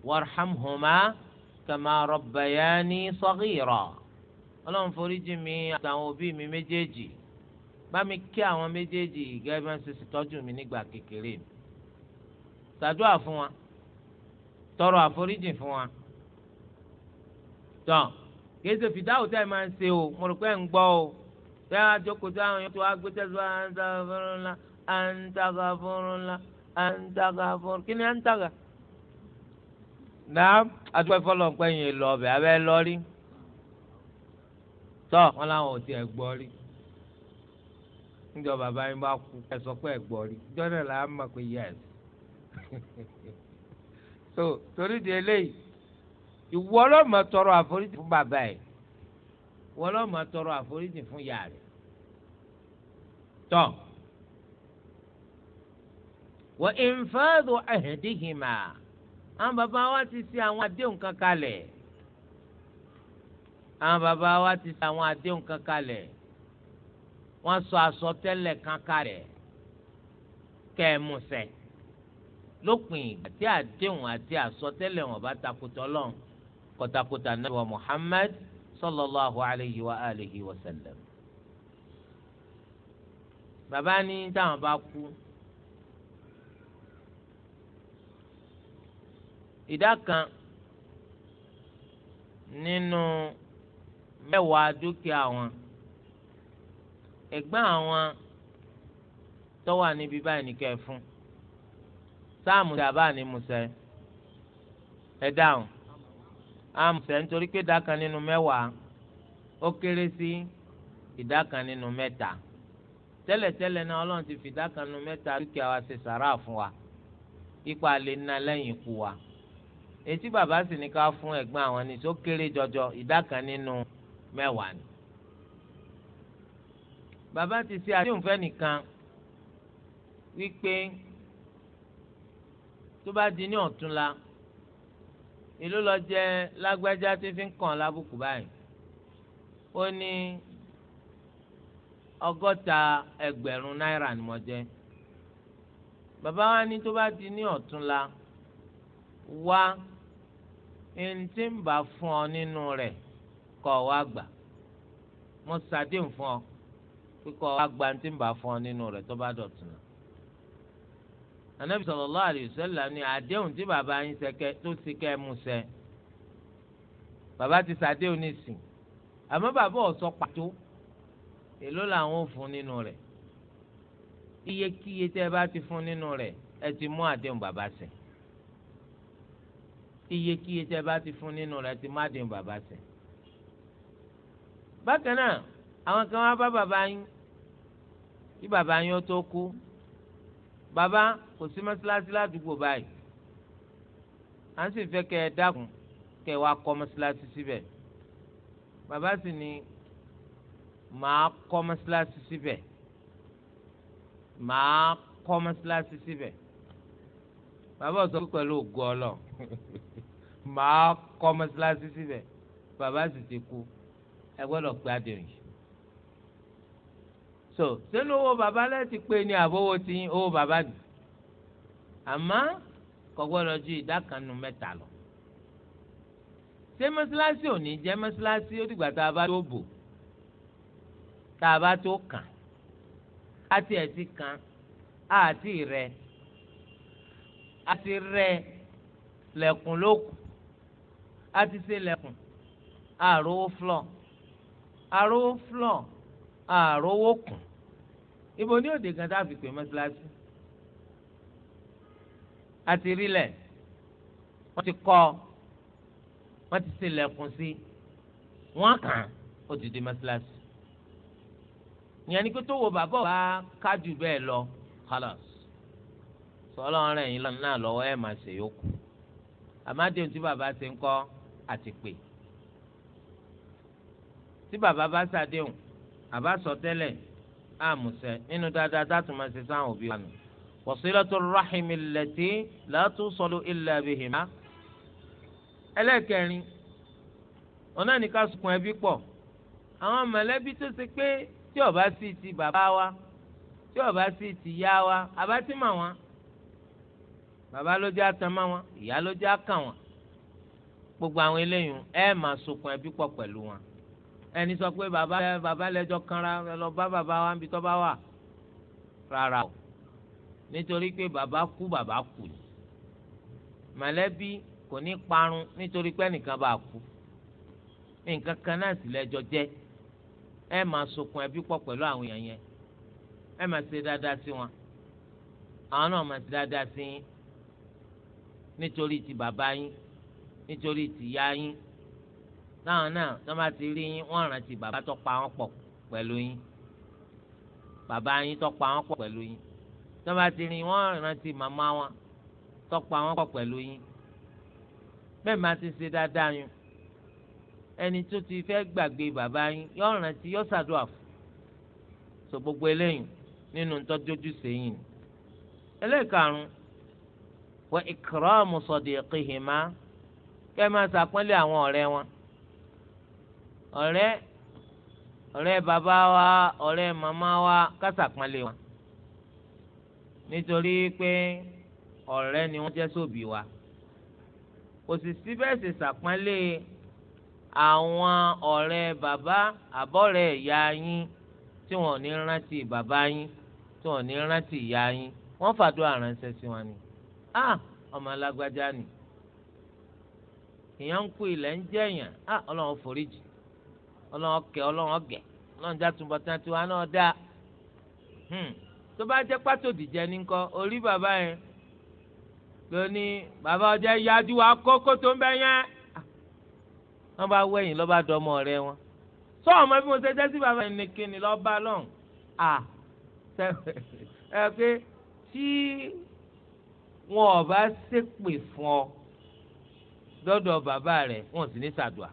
warhamhuma kama rabbayani saghira ọlọ́run foríjì mi àtàwọn òbí mi méjèèjì bá mi kí àwọn méjèèjì gẹ́gẹ́ bí wọ́n ṣe tọ́jú mi nígbà kékeré mi fún wa tọrọ àforíjì fún wa tán. So, kìí ṣe fìdáwò tẹ́ ẹ máa ń ṣe o mo rò pé ẹ̀ ń gbọ́ o tẹ́ ẹ jókòó tí àwọn yòókù wá tẹ́sí wa ń taga ńlá ń taga ńlá ń taga kí ni ń náà adúgbò ìfọlọ́ ń pẹ́yìn lọ ọbẹ̀ abẹ́ lọ tọ́ wọn làwọn ò tiẹ̀ gbọ́ rí níjọba bàbá yín bá kú ẹ pé ẹ gbọ́ rí jọ́dọ̀ là mọ̀ pé yẹ́s so torí di eléyìí ìwọ ọlọ́mọ tọrọ àforíjì fún bàbá ẹ̀ ìwọ ọlọ́mọ tọrọ àforíjì fún ìyá rẹ̀ tọ́ wọ ìnfàdù ẹ̀hẹ́dìhìmà àwọn bàbá wa ti ṣe àwọn àdéhùn kan kalẹ̀ àwọn bàbá wa ti ṣe àwọn àdéhùn kan kalẹ̀ wọ́n sọ àsọtẹ́lẹ̀ kan kalẹ̀ kẹ́ẹ̀mùsẹ̀ lópin ìgbà tí àdéhùn àti àsọtẹ́lẹ̀ wọn bá takùtọ̀ lọ́hùn kọtakọta anabi wa muhammad sallallahu alayhi wa alihi wa sallam. bàbá ní táwọn bá kú ìdá kan nínú mẹ́wàá dúkìá wọn ẹ̀gbọ́n àwọn tó wà níbi báyìí ní kẹ́ sáàmù tí a bá ní ẹ dáhùn àmùsẹ̀ nítorí pé ìdá kan nínú mẹ́wàá ó kéré sí ìdá kan nínú mẹ́ta tẹ́lẹ̀tẹ́lẹ̀ náà ọlọ́run ti fi ìdá kan nínú mẹ́ta dúkìá wa ṣe sàrà fún wa ipa lè na lẹ́yìn ikú wa etí bàbá sì ní ká fún ẹ̀gbọ́n àwọn ní tó kéré jọjọ ìdá nínú mẹ́wàá ni. bàbá ti ṣe àdéhùn fẹ́ nìkan wípé tó bá di ní ọ̀túnla ìlú lọ jẹ lágbájá tí fi ń kàn lábùkù báyìí ó ní ọgọ́ta ẹgbẹ̀rún náírà ni mo jẹ bàbá wa ní tó bá di ní ọ̀túnla wá ẹni tí ń bá fún ọ nínú rẹ̀ kọ wá gbà mo ṣàdéhùn fún ọ pé wá gbà ẹni tí ń bá fún ọ nínú rẹ̀ tó bá dọ̀tún anabi sallallahu alayhi wa sallam ni àdéhùn tí bàbá yín sẹkẹ tó ti kẹ mú ṣẹ bàbá ti sàdéhùn nísìn àmọ́ bàbá ò sọ pàtó èló làwọn ò fún nínú rẹ̀ iyekíye tẹ́ bá ti fún nínú rẹ̀ ẹ ti mú àdéhùn bàbá ṣẹ iyekíye tẹ́ bá ti fún nínú rẹ̀ ẹ ti mú àdéhùn bàbá ṣẹ bákan náà àwọn kan wá bá bàbá yín kí bàbá yín ó tó kú bàbá kò sí mọ́sálásí ládùúgbò báyìí à ń sì fẹ́ kẹ́ ẹ dákun kẹ́ ẹ wá kọ́ mọ́sálásí síbẹ̀ bàbá sì ni màá kọ́ mọ́sálásí síbẹ̀ màá kọ́ mọ́sálásí síbẹ̀ bàbá sọ pé pẹ̀lú ògo ọlọ màá kọ́ mọ́sálásí síbẹ̀ bàbá sì ti kú ẹ gbọ́dọ̀ pé adìrìn so sínú owó bàbá láti pé ní àbówó ti owó bàbá dì àmọ́ kò ju ìdá kan nu mẹ́ta lọ ṣé mọ́ṣáláṣí ò ní jẹ́ mọ́ṣáláṣí ó dìgbà tá a bá tó bò tá a bá tó kàn á ti ẹ̀ ti kàn á ti rẹ̀ á ti rẹ̀ lẹ̀kùn lókùn á ti ṣe lẹ̀kùn àrò flọ̀ àrò flọ̀ àròwó kùn ibo ní òde kan tá a fi pè mọ́sálásí àti rílẹ̀ wọ́n ti kọ́ wọ́n ti ṣílẹ̀kùn sí wọ́n kàn ó ti di mọ́sálásí ìyẹn ni pé tó wo bàbá wa kájú bẹ́ẹ̀ lọ kálọ̀s sọlọ ọrẹ yìí náà lọ́wọ́ ẹ̀ máa ṣe yòókù àmàdéhùn tí bàbá ṣe ń kọ́ àti tí bàbá bá ṣàdéhùn àbá sọ tẹ́lẹ̀ àmùsẹ̀ nínú dáadáa dátùn máa ṣe sáwọn òbí wa nù. wasilatu rahimi lati la tusalu illa bihima. ẹlẹ́kẹrin ọ̀nà ní ká sùkùn ẹbí pọ̀ àwọn mọ̀lẹ́bí tó ṣe pé tí ó bá sí ti bàbá wa tí ó bá sí ti yá wa àbá wọn bàbá ló jẹ́ àtàmà wọn ìyá ló jẹ́ àkà gbogbo àwọn eléyìí ẹ máa sùkùn ẹbí pọ̀ pẹ̀lú wọn ẹni sọ pé bàbá bàbá lẹjọ kanra lọ bá bàbá wa níbi tó bá wà rárá o nítorí pé bàbá kú bàbá kú ni mọ̀lẹ́bí kò ní parun nítorí pé ẹnìkan bá kú nǹkan kan náà sì lẹjọ jẹ ẹ máa sokun ẹbí pọ̀ pẹ̀lú àwọn èèyàn yẹn ẹ máa ṣe dáadáa sí wọn àwọn náà máa ṣe dáadáa sí yín nítorí ti bàbá yín nítorí ti ìyá yín táwọn náà tó bá ti rí yín wọ́n rántí bàbá tó pa wọ́n pọ̀ pẹ̀lú yín bàbá yín tó pa wọ́n pọ̀ pẹ̀lú yín tó bá ti rí yín wọ́n rántí màmá wọn tó pa wọ́n pọ̀ pẹ̀lú yín bẹ́ẹ̀ máa ti ṣe dáadáa yín ẹni tó ti fẹ́ gbàgbé bàbá yín yọ rántí yọ ṣàdúrà fún so gbogbo eléyìí nínú ntọ́jọ́jú sẹ́yìn ẹlẹ́ẹ̀karùn wa ikramu sadiqihima kẹ́ máa ṣàpọ́nlé àwọn ọ̀rẹ́ wọn ọ̀rẹ́ ọ̀rẹ́ baba wa ọ̀rẹ́ mama wa kásàpọnlé wa nítorí pé ọ̀rẹ́ ni wọ́n jẹ́ sóbì wa kò sì síbẹ̀ sì sàpọ́nlé àwọn ọ̀rẹ́ bàbá àbọ̀rẹ́ ìyá yín tí wọ́n ní rántí bàbá yín tí wọ́n ní rántí ìyá yín wọ́n fàdó àránṣẹ́ sí wọn ni ah ọmọ alágbájá ni ìyá ń kú ilẹ̀ ń jẹ̀yàn ah ọlọ́run foríjì ọlọ́run ọkẹ́ ọlọ́run ọgẹ̀ ọlọ́run já tún bọ̀tán tiwa náà dá hmm. tó bá jẹ́ pátó dìjẹ́ ní kọ́ orí bàbá yẹn ló ní bàbá ọjọ́ yájú wa kókó tó ń bẹ yẹn wọ́n bá wẹ̀yìn lọ́ba dọ́mọ rẹ wọn sọ ọmọ bí mo ṣe jẹ́ sí bàbá yẹn nìkan ni lọ́ba lọ́hùn à ẹ pé tí wọn ò bá ṣépè fún ọ dọ́dọ̀ bàbá rẹ̀ wọn sì ní ṣàdùà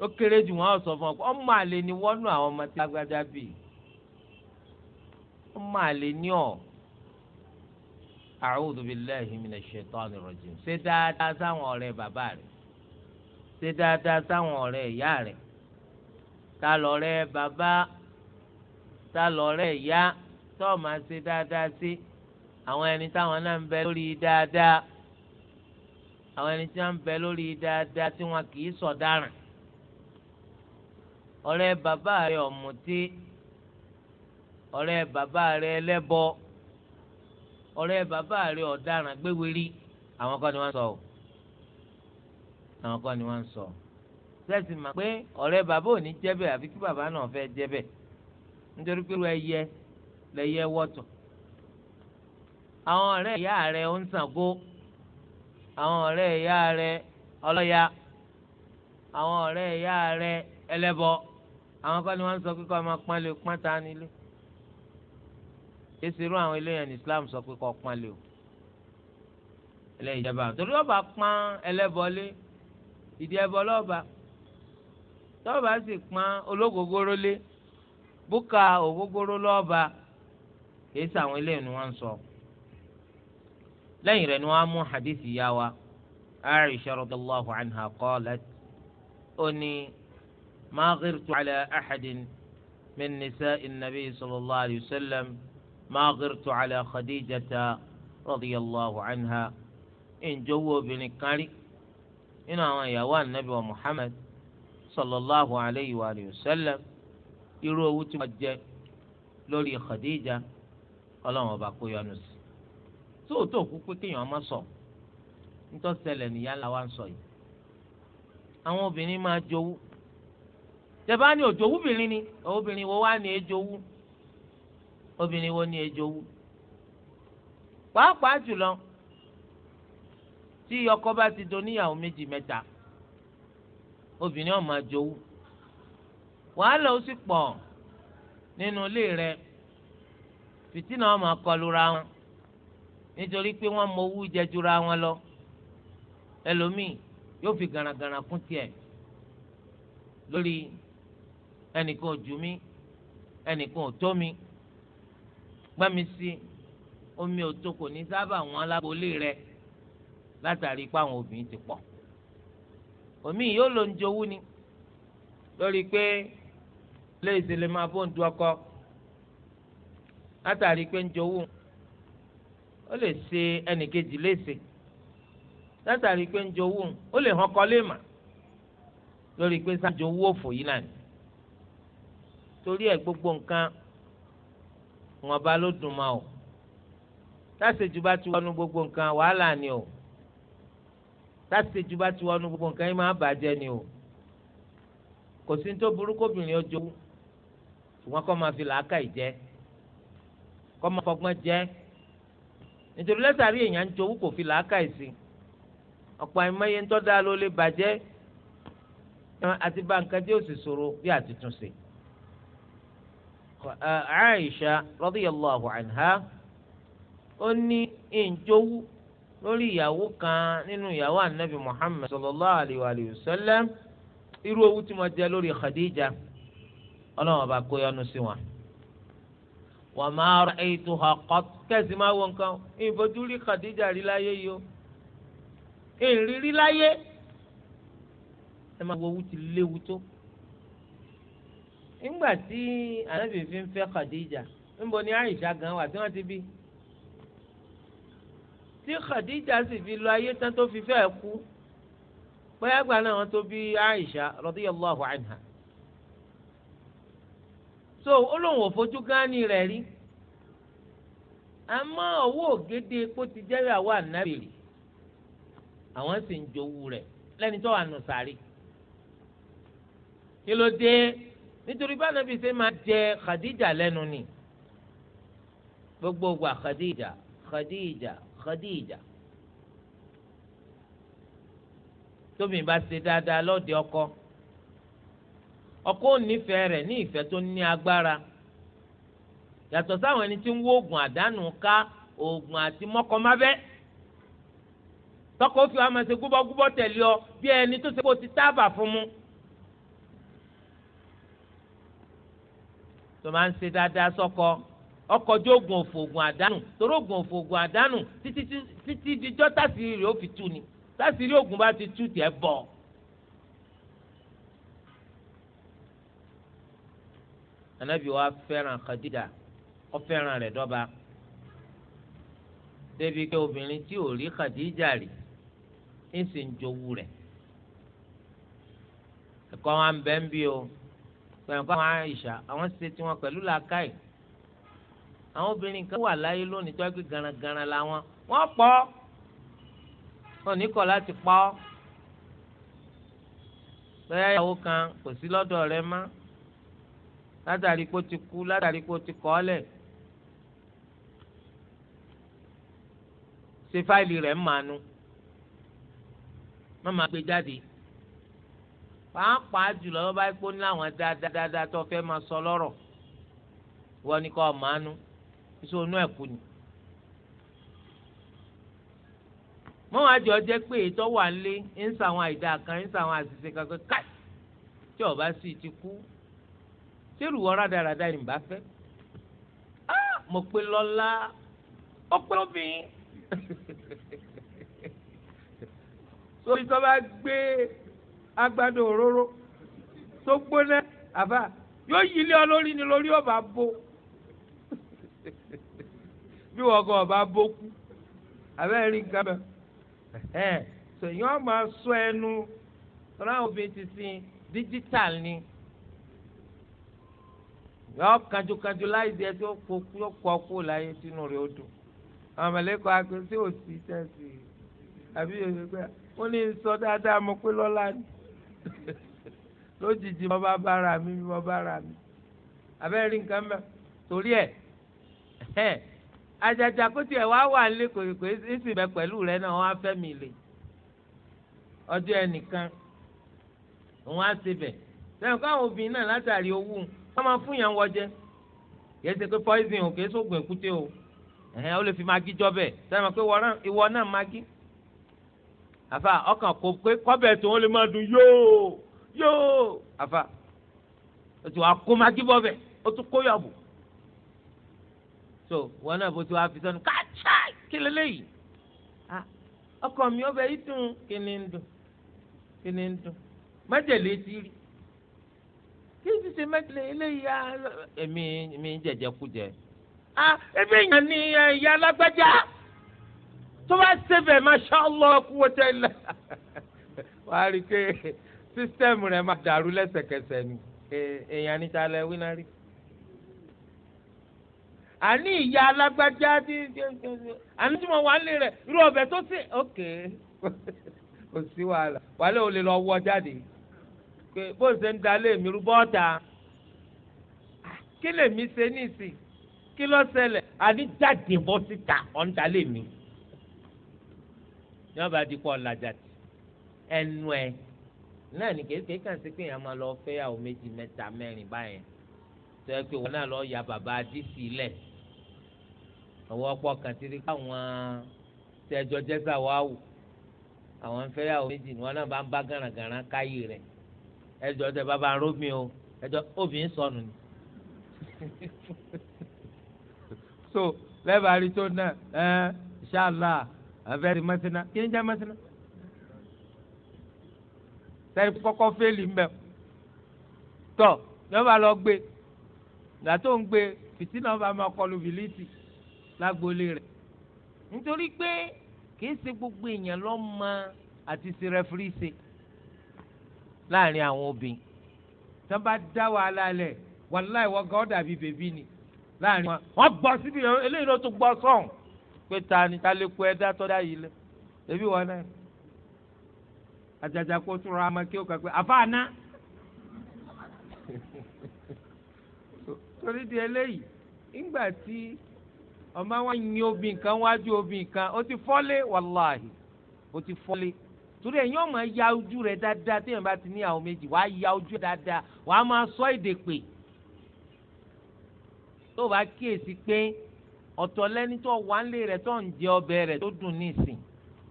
ó kéré jù wọn sọ fún ọ pé ọmọ àlè ni wọ́n nù àwọn ọmọ tí lágbájá bì ọmọ àlè ni ọ a'udhu billahi minash shaitani rajim ṣe dáadáa sáwọn ọ̀rẹ́ bàbá rẹ̀ ṣe dáadáa sáwọn ọ̀rẹ́ ìyá rẹ̀ ta lọ̀rẹ́ bàbá ta lọ̀rẹ́ ìyá tó máa ṣe dáadáa sí àwọn ẹni táwọn náà ń bẹ lórí dáadáa àwọn ẹni tí wọ́n ń bẹ lórí dáadáa tí wọ́n kì í sọ̀daràn. So ọ̀rẹ́ bàbá rẹ ọ̀mùtí ọ̀rẹ́ bàbá rẹ ẹlẹ́bọ ọ̀rẹ́ bàbá rẹ ọ̀daràn gbéwèrí àwọn kan ni wọn sọ ọ àwọn kan ni wọn sọ sẹ́sì mà pé ọ̀rẹ́ bàbá ò ní jẹ́bẹ̀ àfi kí bàbá náà fẹ́ nítorí pé àwọn kan ni wọ́n sọ pé kọ́ máa pọ́n lé o pọ́n ta nílé èsì irú àwọn eléyàn ní Islam sọ pé kọ́ pọ́n lé o eléyìí jẹba torí ọba pọ́n ẹlẹ́bọlé ìdí ẹbọ lọ́ba tọ́ba sì pọ́n ológogoro lé búkà ògógóró lọ́ba èsì àwọn eléyìí ni wọ́n sọ lẹ́yìn rẹ̀ ni wọ́n mú hadith yá wa Aisha radallahu anha qalat ó ní. ما غرت على أحد من نساء النبي صلى الله عليه وسلم ما غرت على خديجة رضي الله عنها إن جو بن كاري إن يوان النبي ومحمد صلى الله عليه وآله وسلم irú owó tí wọ́n jẹ lórí Khadija ọlọ́run ọba kó yọ́nú sí tó tó kú pé kéèyàn má sọ nítòsílẹ̀ tẹ̀bá ni òjò obìnrin ni obìnrin wo wá ní ejò wú obìnrin wo ní ejò wú pàápàá jùlọ tí ọkọ bá ti do níyàwó méjì mẹ́ta obìnrin ọmọ àjòwú wàhálà ó sì pọ̀ nínú ilé rẹ fìtínà ọmọ akọlura wọn nítorí pé wọ́n mọwú jẹjura wọn lọ ẹlòmíì yóò fi garagara kún tiẹ̀ lórí ẹnìkan ò jù mí ẹnìkan ò tó mi gbẹ́mi sí omi òtó kò ní sábà wọn lábólé rẹ látàrí ipá àwọn obìnrin ti pọ̀ omi yóò lò ń jowú ni lórí pé ilé ìsèlè máa bó ń du ọkọ látàrí pé ń jowú ó lè ṣe ẹnìkejì léṣe látàrí pé ń jowú ó lè hàn kọ́ lè mà lórí pé sáà jowú òfò yìí náà ni torí ẹ̀ gbogbo nǹkan wọn bá ló dùn ma o tásìjú bá ti wọnú gbogbo nǹkan wàhálà ni o tásìjú bá ti wọnú gbogbo nǹkan yìí máa bàjẹ́ ni o kò sí tó burú kóbìnrin ọjọ́ ṣùgbọ́n kọ́ máa fi làákàyè jẹ́ kọ́ máa fọgbọ́n jẹ́ nítorí lẹ́sàrí èèyàn ń jowú kò fi làákàyè sí ọ̀pọ̀ àìmọye ń tọ́ da ló lè bàjẹ́ àti bá nǹkan tí ó sì ṣòro bí àtúntúnṣe. Aisha radiyallahu anha ó ní ìjọwú lórí ìyàwó kan nínú ìyàwó anabi Muhammad sallallahu alayhi wa sallam irú owó tí mo jẹ lórí Khadija ọlọ́run ọba kó yọ́nú sí wọn. wa ma ra'aytuha qat kẹ́sì máa wọ nǹkan ìfojú rí Khadija rí láyé yìí o ìrírí láyé ẹ máa wo owó ti léwu tó nígbà tí anabi fi ń fẹ́ Khadija níbo ni Aisha gan wà tí wọ́n ti bí tí Khadija sì fi lọ ayé tán tó fi fẹ́ kú bóyá gba náà wọ́n tó bí Aisha radiyallahu anha so olóhùn òfojú gánni rẹ̀ rí àmọ́ ọwọ́ ògede epo ti jẹ́ ìyàwó ànábìrì àwọn sì ń jowú rẹ̀ lẹ́ni tó wà nù sàárì kí ló dé nítorí bá nàbì ṣe máa jẹ Khadija lẹ́nu ni gbogbo wa Khadija Khadija Khadija tóbi bá ṣe dáadáa lọ́dẹ ọkọ ọkọ nífẹ̀ẹ́ rẹ̀ ní ìfẹ́ tó ní agbára yàtọ̀ sáwọn ẹni tí ń wo oògùn àdánù ká oògùn àti mọ́kànmábẹ́ tọkọ fi wá máa ṣe gúbọ́gúbọ́ tẹ̀lé ọ bí ẹni tó ṣe kó ti tábà fún mu. tó máa ń ṣe dáadáa sọ́kọ ọkọjú oògùn òfò oògùn àdánù torí oògùn òfò oògùn àdánù títí títí dijọ́ tásìrì rẹ̀ ó fi tú ni tásìrì oògùn bá ti tú tiẹ̀ bọ̀. anabi wa fẹ́ràn Khadija ó fẹ́ràn rẹ̀ dọ́ba débi pé obìnrin tí ò rí Khadija rí ń sì ń jowú rẹ̀ ẹ̀kọ́ wa ń bẹ́ ń bí o pẹ̀lú àwọn àìsà àwọn ṣe tiwọn pẹ̀lú làákàyè àwọn obìnrin kan wà láyé lónìí tó ẹgbẹ́ garagara làwọn wọ́n pọ̀ wọn ní kọ̀ láti pọ̀ bẹ́ẹ̀ ìyàwó kan kò sí lọ́dọ̀ rẹ mọ́ látàrí kó ti kú látàrí kó ti kọ́ lẹ̀ ṣe fáìlì rẹ̀ ń mànú má máa gbé jáde pàápàá jùlọ wọn bá gbóni láwọn dáadáa tó fẹ́ máa sọ lọ́rọ̀ wọn ni kò mánú iṣẹ́ onú ẹ̀kú ni. mọ́wọ́n àjọ jẹ́ pé ètò wà ń lé ń sàwọn àìdá kan ń sàwọn àṣìṣe kankan káì tí ọba sì ti kú sẹ́rù wọ́n rádaràda ni bá fẹ́ mo pe lọ́la ó pé obìnrin sórí tó bá gbé. agbado òróró tó gbóná àbá yóò yí ilé ọlórí ni lórí ọba bó bí wọn kọ ọba bó kú abẹ́rẹ́ rí nǹkan bẹ́ẹ̀ ọ ma ọmọ sọ ẹnu tọ́lá obìnrin ti sin digital ni yọ kanjukanju láì di ẹtí ó kó ọkú láyé tínú rẹ ó dùn àbí ó lójijì mo bá bára mi mo bára mi abẹ́rẹ́ rí nǹkan mẹ́ torí ẹ̀ ajaja kó tiẹ̀ wá wà lé kòkòkò èsì bẹ pẹ̀lú rẹ náà wọ́n á fẹ́ mi lè ọjọ́ ẹnìkan òun á ṣe bẹ̀ sẹ́yìn káwọn obìnrin náà látàrí owó wọ́n máa fún yàn wọ́jẹ́ yẹn ṣe pé poison ò kìí sóògùn èkúté o ẹ̀hẹ́n ó lè fi magi jọ bẹ́ẹ̀ sẹ́yìn pé ìwọ náà magi Afa, ọkàn kò pé kọ́bẹ̀ tó ń lè máa dùn yóò yóò àfa o ti wà kó magi bọ́ bẹ̀ o tún kó yàbò so wọn náà bó ti wà fi sọnù káàtsá kí lélẹ́yìí ọkàn mi ọbẹ̀ yìí dùn kí ni ń dùn kí ni ń dùn májèlé ti rí kí n ti ṣe májèlé eléyìí á èmi mi jẹjẹ kú jẹ ah èmi yàn ní ìyá alágbájá tó bá ṣe bẹ́ẹ̀ kú wọ́n tẹ́ lẹ́ wàá rí i pé sísítẹ́ẹ̀mù rẹ̀ máa dàrú lẹ́sẹ̀kẹsẹ̀ ni èèyàn níta lẹ wínárì. àní ìyá alágbájá tí àní tí mo wà nílé rẹ̀ irú ọbẹ̀ tó sì ok kò sí wàhálà wàhálà ò lè lọ wọ jáde pé bó ṣe ń dalé mi rú bọ́ọ̀tà kí lèmi ṣe ní ìsìn kí ló ṣẹlẹ̀ àní jáde bọ́ síta ọ̀ ń dalé mi ní ọba dikọ ọ̀làjà tì ẹnu ẹ náà ní kékeré kàn sí pé èèyàn máa lọ fẹ́ àwọn méjì mẹ́ta mẹ́rin báyẹn tó yẹ pé wọn náà lọ ya bàbá adísì lẹ̀ ọwọ́ ọ̀pọ̀ kan ti rí káwọn tẹjọ jẹ́sà wá wò àwọn ń fẹ́ àwọn méjì ni wọn náà bá ń bá gàràngàrà káyè rẹ̀ ẹjọ́ tẹ bàbá rómi o ẹjọ́ obìnrin sọnù ni so lẹ́bàárí tó náà ẹ ṣáàlà afẹ́rí mẹ́sìnà kí ń jẹ́ mẹ́sìnà sẹ́yìn kọ́kọ́ fẹ́lì mbẹ́ tọ́ lọ́ba lọ gbé gàtó ń gbé fìtínà ọba máa kọlu fìlítì lágboolé rẹ̀ nítorí pé kì í ṣe gbogbo èèyàn lọ́ mọ àti ṣe rẹ́fírí ṣe láàrin àwọn obìnrin tó bá dá wàhálà lẹ̀ wàláì wọ́n gan ọ́ dàbí bèbí ni láàrin wọn wọ́n gbọ́ síbi eléyìí ló tún gbọ́ sọ̀hún. pé ta ni ta lè kó ẹ̀dá tọ́da yìí lẹ Ebi wọn náà àjàjà kó tún ama máa kí ó kà pé àfa àná torí di eléyìí ńgbà tí ọmọ wọn yin obi kan wájú obi kan ó ti fọ́lé wàláhì ó ti fọ́lé torí ẹ̀yin ọmọ ya ojú rẹ̀ dáadáa téèyàn bá ti ní àwọn méjì wàá ya ojú dáadáa wàá máa sọ èdè pè tó bá kíyèsí pé ọ̀tọ̀ lẹ́ni tó wà ń lé rẹ̀ tó ń jẹ ọbẹ̀ rẹ̀ tó dùn nísìn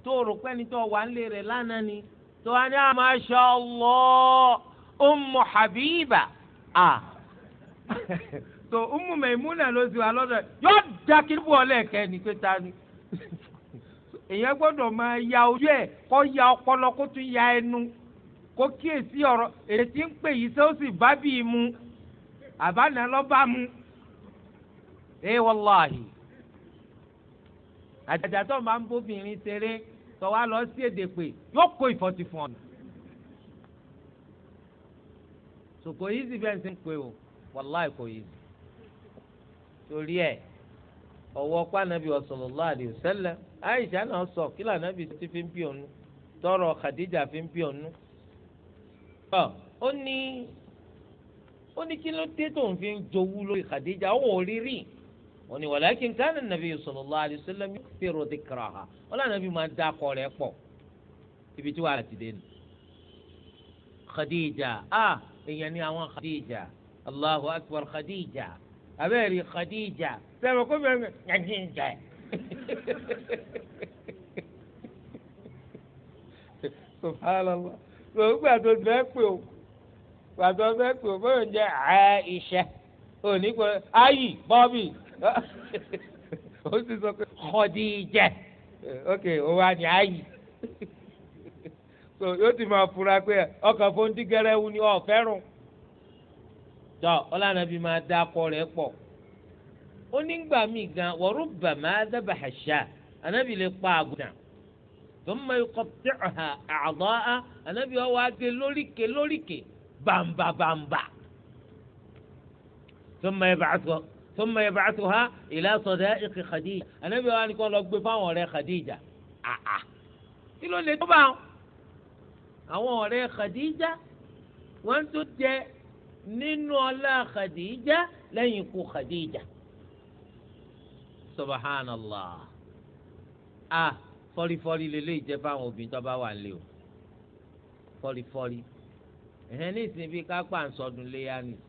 tó rò pé ẹni tó wà ń rẹ̀ lánàá ni tó wà ní ah, masha Allah Ummu Habiba à tó Ummu Maimuna ló sì wà lọ́dọ̀ yóò da kíkú ọlẹ́ẹ̀kẹ́ ni pé ta ni gbọ́dọ̀ máa ya ojú ẹ̀ kọ́ ya ọpọlọ kó tún ya ẹnu kó kíyèsí ọ̀rọ̀ èyí ń pè yìí sì bá bíi mu bá mu. Ẹ àjàjà tó máa ń bóbìnrin ṣeré tó wá lọ sí èdè pé yóò kó ìfọ́tí fún ọ. sòkò yìí sì bẹ́ẹ̀ ń sìn pé o wàláì kò yìí sì. torí ẹ ọwọ́ pàànàbí sallallahu alaihi wasallam àìsà náà sọ kí lànàbí ti fi ń bí òun tọrọ Khadija fi ń bí òun. ó ní ó ní kí ló dé tó ń fi ń jowú lórí Khadija ó wò ó rí rí. وني ولكن كان النبي صلى الله عليه وسلم يكثر ذكرها ولا نبي ما دا قولي اقو يبيتو على تدين خديجة اه يعني اوان خديجة الله اكبر خديجة ابيري خديجة سبا قم خديجة سبحان الله لو بعد ذلك يوم بعد ذلك يوم عائشة هو نيكو اي بابي ó sì sọ pé Khadija ok òun àní àyè so yóò ti máa fura pé ọkàn ọ fẹ́ràn tọ ọlànà bíi máa dá akọ rẹ̀ pọ̀ míì gan wọ́rú pa tó á ànábì ọwọ́ lóríkè ثم يبعثها إلى صدائق خديجة النبي قال لك والله gbé ولا خديجة آه آه kí ló lè tó bá wọn àwọn ọ̀rẹ́ Khadija wọ́n tún jẹ nínú ọlá Khadija lẹ́yìn ikú Khadija subhanallah a ah, fọ́rífọ́rí lélẹ́yìí jẹ́ fáwọn obìnrin tó bá wà lé o fọ́rífọ́rí ẹ̀hẹ́n ní ìsìn bíi kápá ń léyà nìyí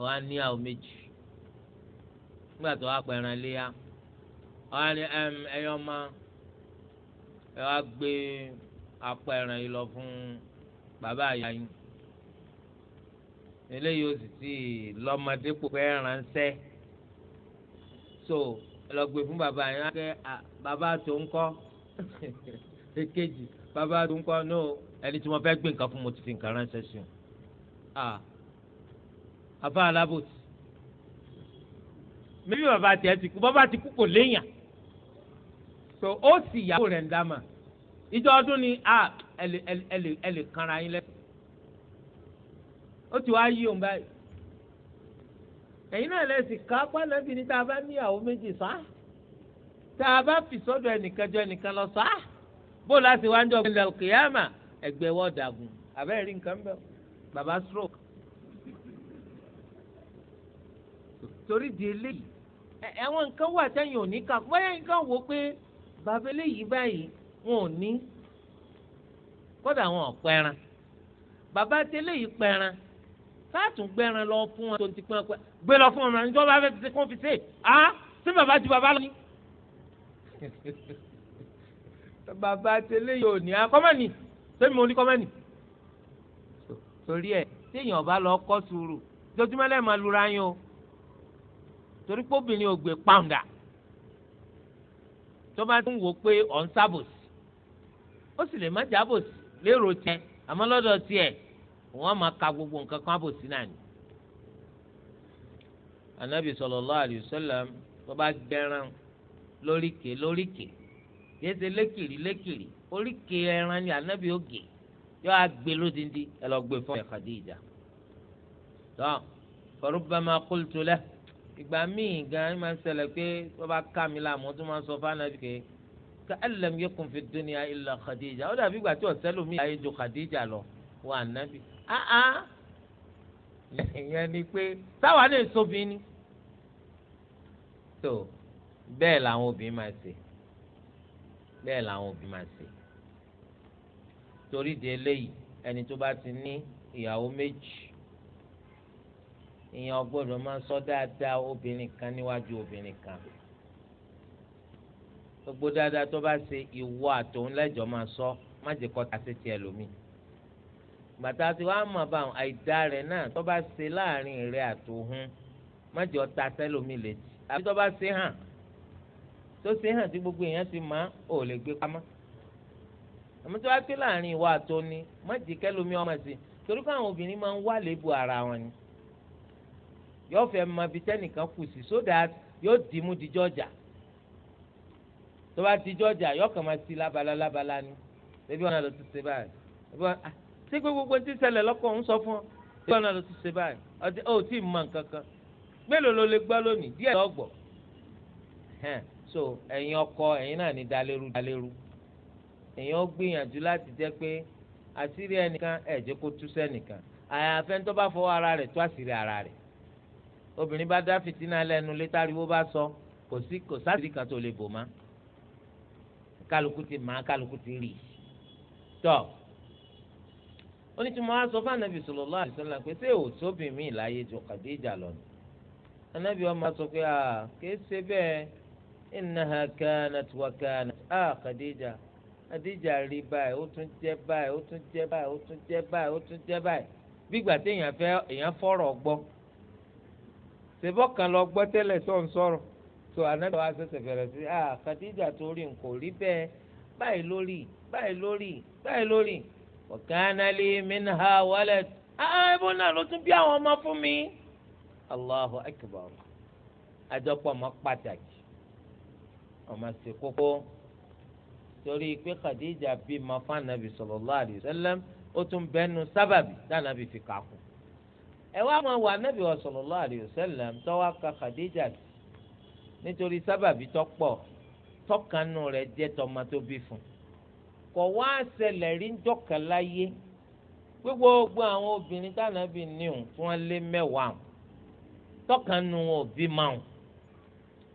ọ̀hán níyàwó méjì nígbà tó wá pẹ̀ràn léyà ọ̀hán ni ẹyọ ma ẹ wá gbé apẹ̀ràn yìí lọ fún bàbá àyà yín eléyìí ó sì ti lọ́mọdé kò fẹ́ so ẹ lọ gbé fún bàbá yín kẹ́ bàbá tó ń kọ́ èkejì bàbá tó ń kọ́ no ẹni tí wọ́n fẹ́ gbé nǹkan fún mo ti fi nǹkan ránṣẹ́ sí i àfa alábòsí mẹbí bàbá tiẹ̀ ti kú bàbá ti kú kò léèyàn so ó sì yàwó rẹ̀ ń dá ìjọ ọdún ni a ẹ lè kanra yín lẹ́sìn ó ti wá yí òun báyìí ẹ̀yin náà lẹ́sìn ká pàlẹ́bí ni tá a bá níyàwó méjì sá tá a bá fi sọ́dọ̀ ẹnìkan jọ ẹnìkan lọ sá bó láti wá ń jọ gbẹlẹ kìyàmà ẹgbẹ́ wọ́ọ̀dàgùn àbẹ́rẹ́ rí nǹkan bẹ́ẹ̀ bàbá stroke torí di eléyìí àwọn nǹkan wà sẹ́yìn ò ní kà bóyá nǹkan wò pé bàbá eléyìí báyìí wọn ò ní kódà wọn ò pẹran bàbá tẹ́lẹ̀ yìí pẹran káàtún gbẹran lọ fún wọn tó ti pẹran pẹ gbé lọ fún wọn náà níjọba fẹẹ ti ṣe kó fi ṣe á sí bàbá ju bàbá lọ ní. bàbá tẹ́lẹ̀ yìí ò ní akọ́mọ̀nì sẹ́mi mo ní kọ́mọ̀nì. torí ẹ téèyàn bá lọ kọ́ sùúrù dojúmọ́lẹ́ máa lura yín o torí pé obìnrin ò gbé pàǹdà tó bá tún wò ó pé ọ̀n sábòsì ó sì lè má jábòsì lérò tiẹ̀ àmọ́ lọ́dọ̀ tiẹ̀ wọ́n máa ka gbogbo nǹkan kan àbòsí náà ni. anabi sallallahu alaihi wasallam tó bá gbẹran lóríkè lóríkè yéésẹ lékìrì lékìrì oríkè ẹran ni anabi ó yóò á gbé ẹ lọ gbé fún ẹ Khadija. tó farubbama qultu lahu ìgbà míì gan ẹ máa ń ṣẹlẹ̀ pé wọ́n bá ká mi láàmú tó máa ń sọ fáwọn àti kèé ká ẹlẹ́mi yẹ kún fi dunya illa Khadija ó dàbí ìgbà tí ọ̀sẹ́ lómi ayé ju Khadija lọ wà nábì áá ìyẹn ni pé táwa lè sobi ni tó bẹ́ẹ̀ làwọn obìnrin máa ṣe bẹ́ẹ̀ làwọn obìnrin máa ṣe torí di eléyìí ẹni tó bá ti ní ìyàwó méjì èèyàn gbọ́dọ̀ máa sọ dáadáa obìnrin kan níwájú obìnrin kan gbogbo dáadáa tó bá ṣe ìwọ àtòun lẹ́jọ́ máa sọ má jẹ́ kó ta sí tiẹ̀ lómi bàtà tí wàá mọ̀ bá àwọn àìdá rẹ̀ náà tó bá ṣe láàrin rẹ̀ àtòun má jẹ́ ọ̀tá sẹ́lómi létí àbí tó bá ṣe hàn tó ṣe hàn tí gbogbo èèyàn ti máa ò lè gbé pamọ́ àmọ́ tó bá pé láàrin ìwọ àtòun ni má jẹ́ kẹ́lómi ọmọ sí torí káwọn obìnrin máa ń wá lébu ara wọn ni yóò fẹ́ mọ ibi tẹ́nìkan kù sí so that yóò dìímú di ọjà tó bá dijọ́ ọjà yóò kàn máa ni ṣebí ọ̀nà ti ah, gbogbo ti sẹlẹ lọkọ ń sọ fún ọ ti ṣe báyìí mọ mélòó ló lè lónìí so ẹyin ọkọ ẹyin náà ní dalérú dalérú ó gbìyànjú láti pé àṣírí ẹnìkan ẹ kó tú ara rẹ̀ obìnrin bá dá lẹnu lẹ́nu létariwo bá sọ kò sí kò sáàsì kan tó lè bò má kálukú ti má kálukú ti rì tọ onítùmọ̀ aṣọ fún anabi sallallahu alaihi pé ṣé òsóbì mi láyé ju Khadija lọ ni anabi sọ pé a bẹ́ẹ̀ innaha kanat wa kanat a Khadija Khadija rí báyìí ó tún jẹ́ báyìí ó tún jẹ́ ṣèbọ̀ kan lọ gbọ́ tẹ́lẹ̀ tó ń sọ̀rọ̀ tó ànábì wa ṣẹ̀ṣẹ̀ bẹ̀rẹ̀ sí à ah, Khadija tó rí nǹkan ò rí bẹ́ẹ̀ báyìí lórí báyìí lórí báyìí lórí wa kana li minha walad ah, náà ló tún bí àwọn ọmọ fún mi. Allahu akbar àjọpọ̀ ọmọ pàtàkì ọmọ sì torí pé Khadija bí ma fún ànábì sallallahu alaihi ó tún bẹ́nu sábàbí dáná bí fi kàkùn ẹ wá máa wà nábì wa sallallahu alayhi wa sallam tó wá ka Khadija nítorí sábàbí tó pọ̀ tọkànnù rẹ̀ jẹ́ tọmọ tó bí fún kò wá ṣẹlẹ̀ rí njọ́kànláyé gbogbo gbogbo àwọn obìnrin tànàbí níhùn tí wọ́n lé mẹ́wàá tọkànnù òbí máa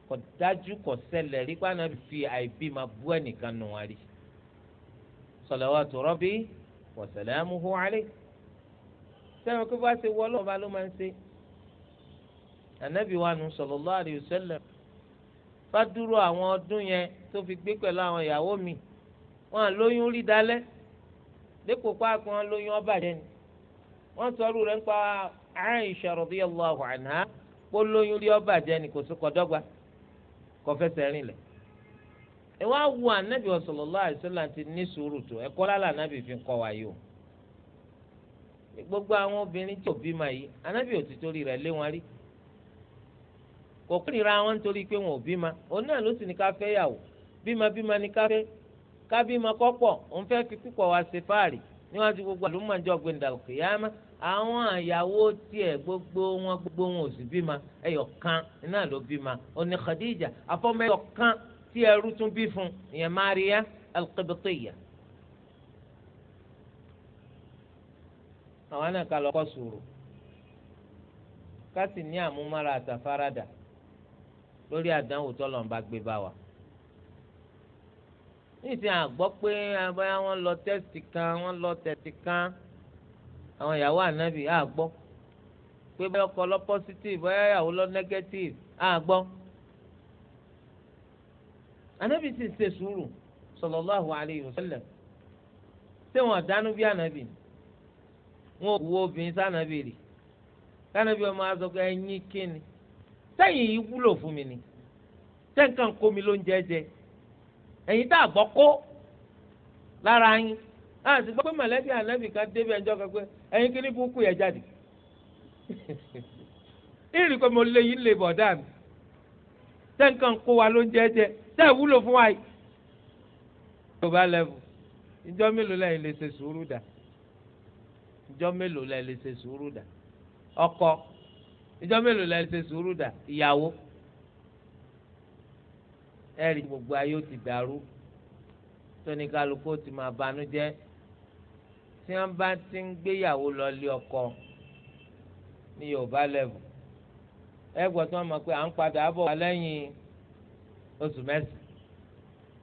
kò dájú kò ṣẹlẹ̀ rí pàánà fi àìbí máa bú ẹnìkan nù wá rí salawatu rabbi wa salamuhu sẹ́wọ̀n kí bá ṣe wọ́ ọlọ́ọ̀ba ló máa ń ṣe ànábì wa nù sallallahu alaihi wasallam bá dúró àwọn ọdún yẹn tó fi gbé pẹ̀lú àwọn ìyàwó mi wọn lóyún rí dalẹ́ dípò páàkì wọn lóyún ọba jẹ ni wọn sọrú rẹ ń pa Aisha radiyallahu anha kó lóyún rí ọba jẹ ni kò sí kọdọgba kò fẹsẹ̀ rìn ẹ wá wo ànábì wa sallallahu alaihi wasallam ti ní sùúrù tó ẹ̀kọ́ lálẹ́ ànábì fi kọ́ wa yìí o gbogbo àwọn obìnrin tí òbí ma yìí anábì ò ti torí rẹ̀ lé wọn rí kò kórìíra wọn nítorí pé wọn ò bí ma òun náà ló sì ní ká fẹ́ yàwó bímọ bímọ ní ká fẹ́ ká bímọ kọ́pọ̀ òun fẹ́ fi púpọ̀ wá ṣe fáàrí níwájú gbogbo àlùmọ̀jọ́ gbẹ̀ndà kìyàmá àwọn àyàwó tiẹ̀ gbogbo wọn gbogbo wọn ò sì bímọ ẹyọ kan iná ló bímọ òní Khadija àfọmọ kan tí ẹrú bí fún ìyẹn Mariya al-Qibtiyya àwọn náà ká lọ kọ́ sùúrù ká sì ní àmúmára àtàfáradà lórí àdánwò tọ́lọ̀ ń bá gbé bá wa. níìsín àgbọ́ pé abáyá wọn lọ tẹ́sì kan wọn lọ tẹ́sì kan àwọn ìyàwó ànábì àgbọ́ pé báyọ̀ ọkọ lọ positive báyọ̀ ìyàwó lọ negative àgbọ́. ànábì sì ṣe sùúrù sallallahu alayhi wa sallam ṣé wọn dánú bí ànábì ni wọn ò wo obìnrin sànàbì rì sànàbì ọmọ azọkọ ẹyin kíni sẹ́yìn yìí wúlò fún mi ni sẹ́ǹkan kó mi ló ń jẹ́jẹ́ ẹ̀yin tá a gbọ́ kó lára yín láti gbọ́ pé mọ̀lẹ́bí ànábì kan débi ẹjọ́ kan pé ẹ̀yin kí ni burúkú yẹn jáde ìrì pé mo lé yín lè bọ̀ dáa mi kó wa ló ń jẹ́jẹ́ sẹ́ẹ̀ wúlò fún wa yìí. yorùbá lẹ́bù ìjọ mélòó lẹ́yìn lè ṣe sùúrù dáa ìjọ mélòó la lè ṣe sùúrù dà ọkọ ìjọ mélòó la lè ṣe sùúrù dà ìyàwó ẹ̀rí gbogbo ayé ó ti dàrú tóní kálukú ó ti máa banújẹ́ tí wọ́n bá ti ń gbéyàwó lọ lé ọkọ ní yorùbá lẹ́bù ẹgbọ́n tí wọ́n mọ̀ pé à ń padà bọ̀ wá lẹ́yìn oṣù mẹ́sàn-án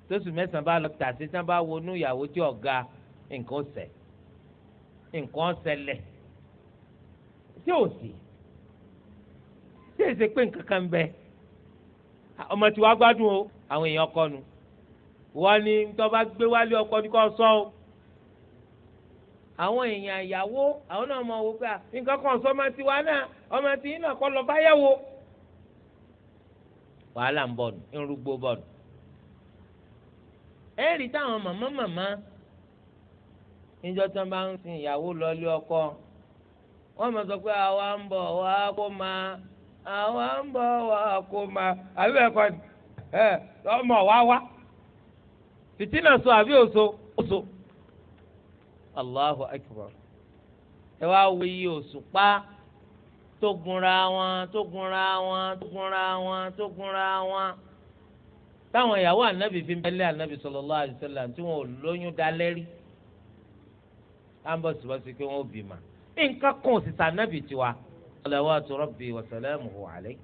tóṣù mẹ́sàn-án bá lọ tà sí tí wọ́n bá wọnú ìyàwó tí ọ̀gá nǹkan ọ̀sẹ̀ nǹkan ṣẹlẹ̀ tí ò sí tí èsè pé nǹkan kan bẹ ọmọ tí wàá gbádùn o àwọn èèyàn kọ nu wọn ni tó bá gbé wálé ọkọ ní kò sọ o àwọn èèyàn ìyàwó àwọn náà mọ òwúgbà ah, nǹkan kan sọ ọmọ tiwa náà ọmọ tí yín náà kọ lọ bá yẹ̀wò wàhálà ń bọ̀ nù ń rúgbó bọ̀ nù ẹ rí táwọn màmá màmá. níjọ́ tí wọ́n bá ń sin ìyàwó lọ́lé ọkọ wọ́n mọ̀ sọ pé àwa ń bọ̀ wá kó máa àwa ń bọ̀ wá kó àbí ọmọ wa wá fìtínà sọ àbí òso òso Allahu akbar ẹ wá wo iye tó gunra wọn tó gunra wọn tó gunra wọn tó gunra wọn táwọn ìyàwó fi ń bẹ́lẹ̀ wọn ò lóyún ambọ̀sibọ́sí pé wọ́n bì mà nǹkan kan òsìsà nábì tiwa salawatu rabbi wa salamuhu alayhi.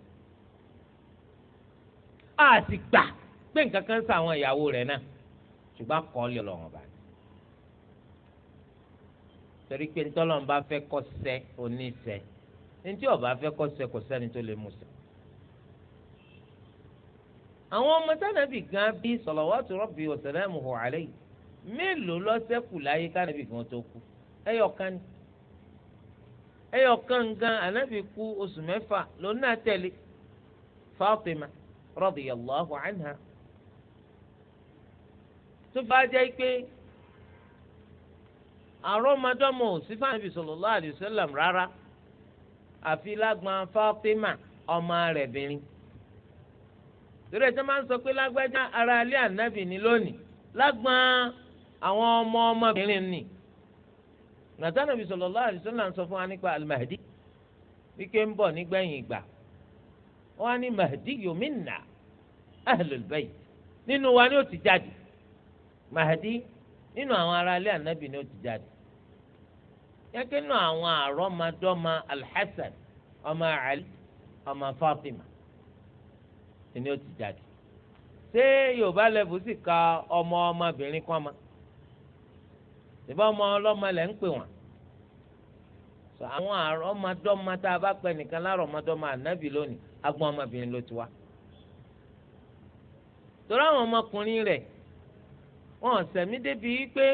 a sì gbà pé nǹkan kan sá àwọn ìyàwó rẹ̀ náà ṣùgbọ́n kọ́ lè lọ́wọ́n bá ní. torí pé ntọ́lọ́n bá fẹ́ kọ́ sẹ́ oníṣẹ́ ntí ọba fẹ́ kọ́ sẹ́ kò sẹ́ni tó lè mú sẹ́ àwọn ọmọ tánàbì gan bí sọlọwọtò rọbì ọsẹlẹmù hù àlẹ yìí mélòó lọsẹkù láyé kánàbì gan tó kú ẹyọkan ni ẹyọkan gan anabi kú oṣù mẹ́fà lòun náà tẹ̀lé Fatima radiyallahu anha tó bá jẹ́ pé àrọ́mọdọ́mọ òsínfà nàbì sallallahu alayhi wa sallam rárá àfi lágbọn Fatima ọmọ rẹ̀ bìnrin torí ẹ̀ tó máa ń sọ pé lágbájá ara ilé ànábì ni lónìí lágbọn àwọn ọmọ ọmọbìnrin ni. nàtàlẹ́ bí sallallahu alaihi wasallam sọ fún wa nípa al-mahdi wíkẹ́ ń bọ̀ nígbẹ̀yìn ìgbà wọ́n á ní mahdi Yomina, ahlul bayt nínú wa ni ó ti jáde mahdi nínú àwọn ará ilé ànábì ni ó ti jáde yẹ́kẹ́ nínú àwọn àrọ́mọdọ́mọ alḥasan ọmọ ali ọmọ fatima ni ó ti jáde ṣé yorùbá lẹ́bù sì ka ọmọ ọmọbìnrin kan ma ìbá ọmọ ọlọ́mọ lẹ̀ ń pè wọ́n sọ àwọn ọmọdọ́mọ tá a bá nìkan láàrọ̀ ọmọdọ́mọ ànábì lónìí agbọ́n ọmọbìnrin ló ti wá torí àwọn ọmọkùnrin rẹ̀ wọn sẹ̀mí débi pé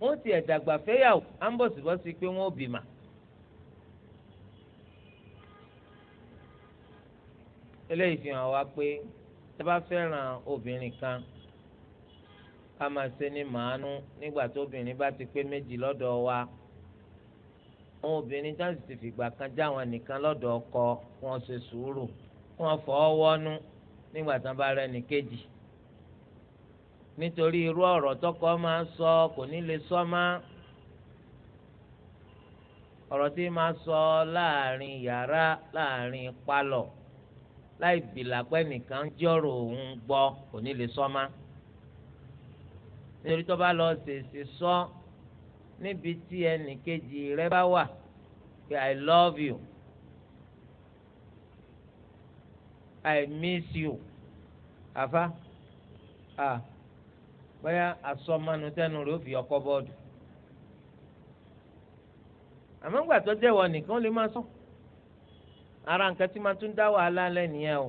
wọ́n ti ẹ̀dàgbà fẹ́yàwó ń bọ̀sibọ́sí eléyìí fi hàn wá pé bá fẹ́ràn obìnrin kan ká máa ṣe ní màánú nígbà tó obìnrin bá ti pé méjì lọ́dọ̀ wa àwọn obìnrin jáde ti fìgbà kan já wọn nìkan lọ́dọ̀ ọkọ wọn ṣe sùúrù wọn fọwọ́ wọ́nú nígbà tí wọn bá rẹ́ni kejì nítorí irú ọ̀rọ̀ tọkọ máa ń sọ kò ní lè sọ má ọ̀rọ̀ tí máa sọ láàrin yàrá láàrin pálọ̀ láì bìlà pẹ́ nìkan jọ̀rọ̀ òun gbọ́ kò ní lè sọ má. So nítorí tó bá lọ ṣèṣe sọ níbi tí ẹnìkejì rẹ bá wà pé i love you i miss you àfa à bóyá àsọmánu tẹnu rẹ ó fi ọkọ bọọdù àmọ́ ńgbà tó jẹ́ wọ nìkan lè máa sọ ara nǹkan tí máa tún dá wàhálà lẹ́nìyẹn o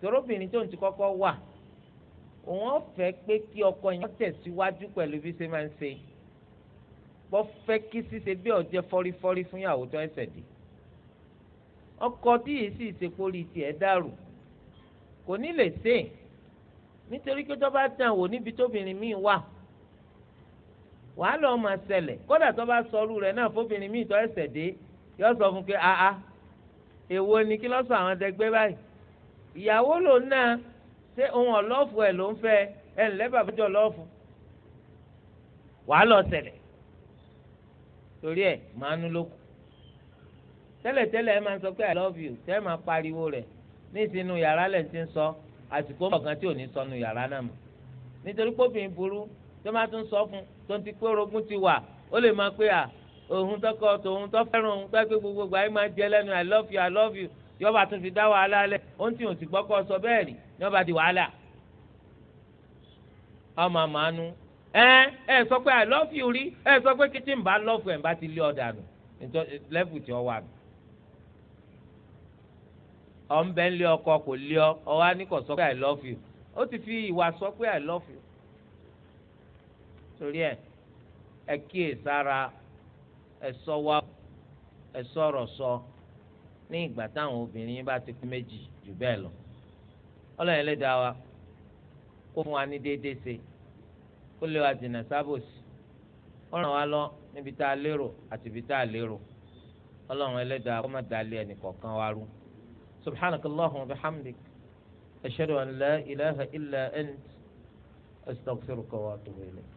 toróbìnrin tó ń ti kọ́kọ́ wà òun fẹ́ pé kí ọkọ yẹn tẹ̀síwájú pẹ̀lú bí ṣe máa ń ṣe bọ́ fẹ́ kí ṣíṣe bí ọ̀jẹ́ fọ́rífọ́rí fún ìyàwó tó ẹsẹ̀ dé ọkọ tí yìí sì ṣe pórí tiẹ̀ dàrú kò ní lè ṣe nítorí pé tó bá tàn wò níbi tóbìnrin míì wà wàhálà ọmọ ṣẹlẹ̀ kódà tó bá sọ irú rẹ̀ náà fóbìnrin míì tó ẹsẹ̀ dé yọ sọ fún pé àá èwo ni kí lọ́sọ̀ àwọn ẹ̀dẹ́gbẹ́ báyìí ìyàwó lòun náà ṣé ohun ọlọ́ọ̀fù ẹ̀ ló ń fẹ́ ẹ ǹlẹ́ bàbá jọ ọlọ́ọ̀fù wàá lọ ṣẹlẹ̀ torí ẹ̀ màánú ló kù tẹ́lẹ̀tẹ́lẹ̀ ẹ máa ń sọ pé i love you tẹ́ ẹ máa pariwo rẹ̀ ní ìsinú yàrá lẹ̀ ti ń sọ àsìkò ọ̀gán tí ò ní sọnù yàrá náà mọ̀ nítorí pópin burú tó máa tún sọ fún tó ti pé orogún ti wà ó lè máa pé à òun tọkọ tòun tó fẹ́ràn òun tó pé gbogbo gbà ẹ máa jẹ lẹ́nu i love you i love you yọba tún fi dá wàhálà lẹ ó ń tì òsì gbọ́kọ̀ sọ bẹ́ẹ̀ rí yọba di wàhálà ọmọ àmàánu ẹ ẹ sọ pé i love rí ẹ sọ pé kí bá love ẹ̀ ń bá ti lé ọ̀dà nù lẹ́fù tí ọ wà nù ọ ń lé ọkọ kò lé ọ ọ ọwọ́ anìkọ̀ sọ pé i love ó ti fi ìwà sọ pé i love torí ẹ ẹ kíyè sára ẹ sọ wá ẹ sọ sọ̀rọ̀ sọ. So ní ìgbà táwọn obìnrin bá ti pín méjì jù bẹ́ẹ̀ lọ ọlọ́run ẹlẹ́dàá wa kó fún wa ní déédéé ṣe kó lè wa dènà sábòsì ó ràn wá lọ níbi tá a lérò àti ibi tá a lérò ọlọ́run ẹlẹ́dàá kó má dalẹ̀ ẹnìkọ̀ọ̀kan wa rú subhanakallahumma wa bihamdik ashhadu an la ilaha illa ant astaghfiruka wa atubu ilayk.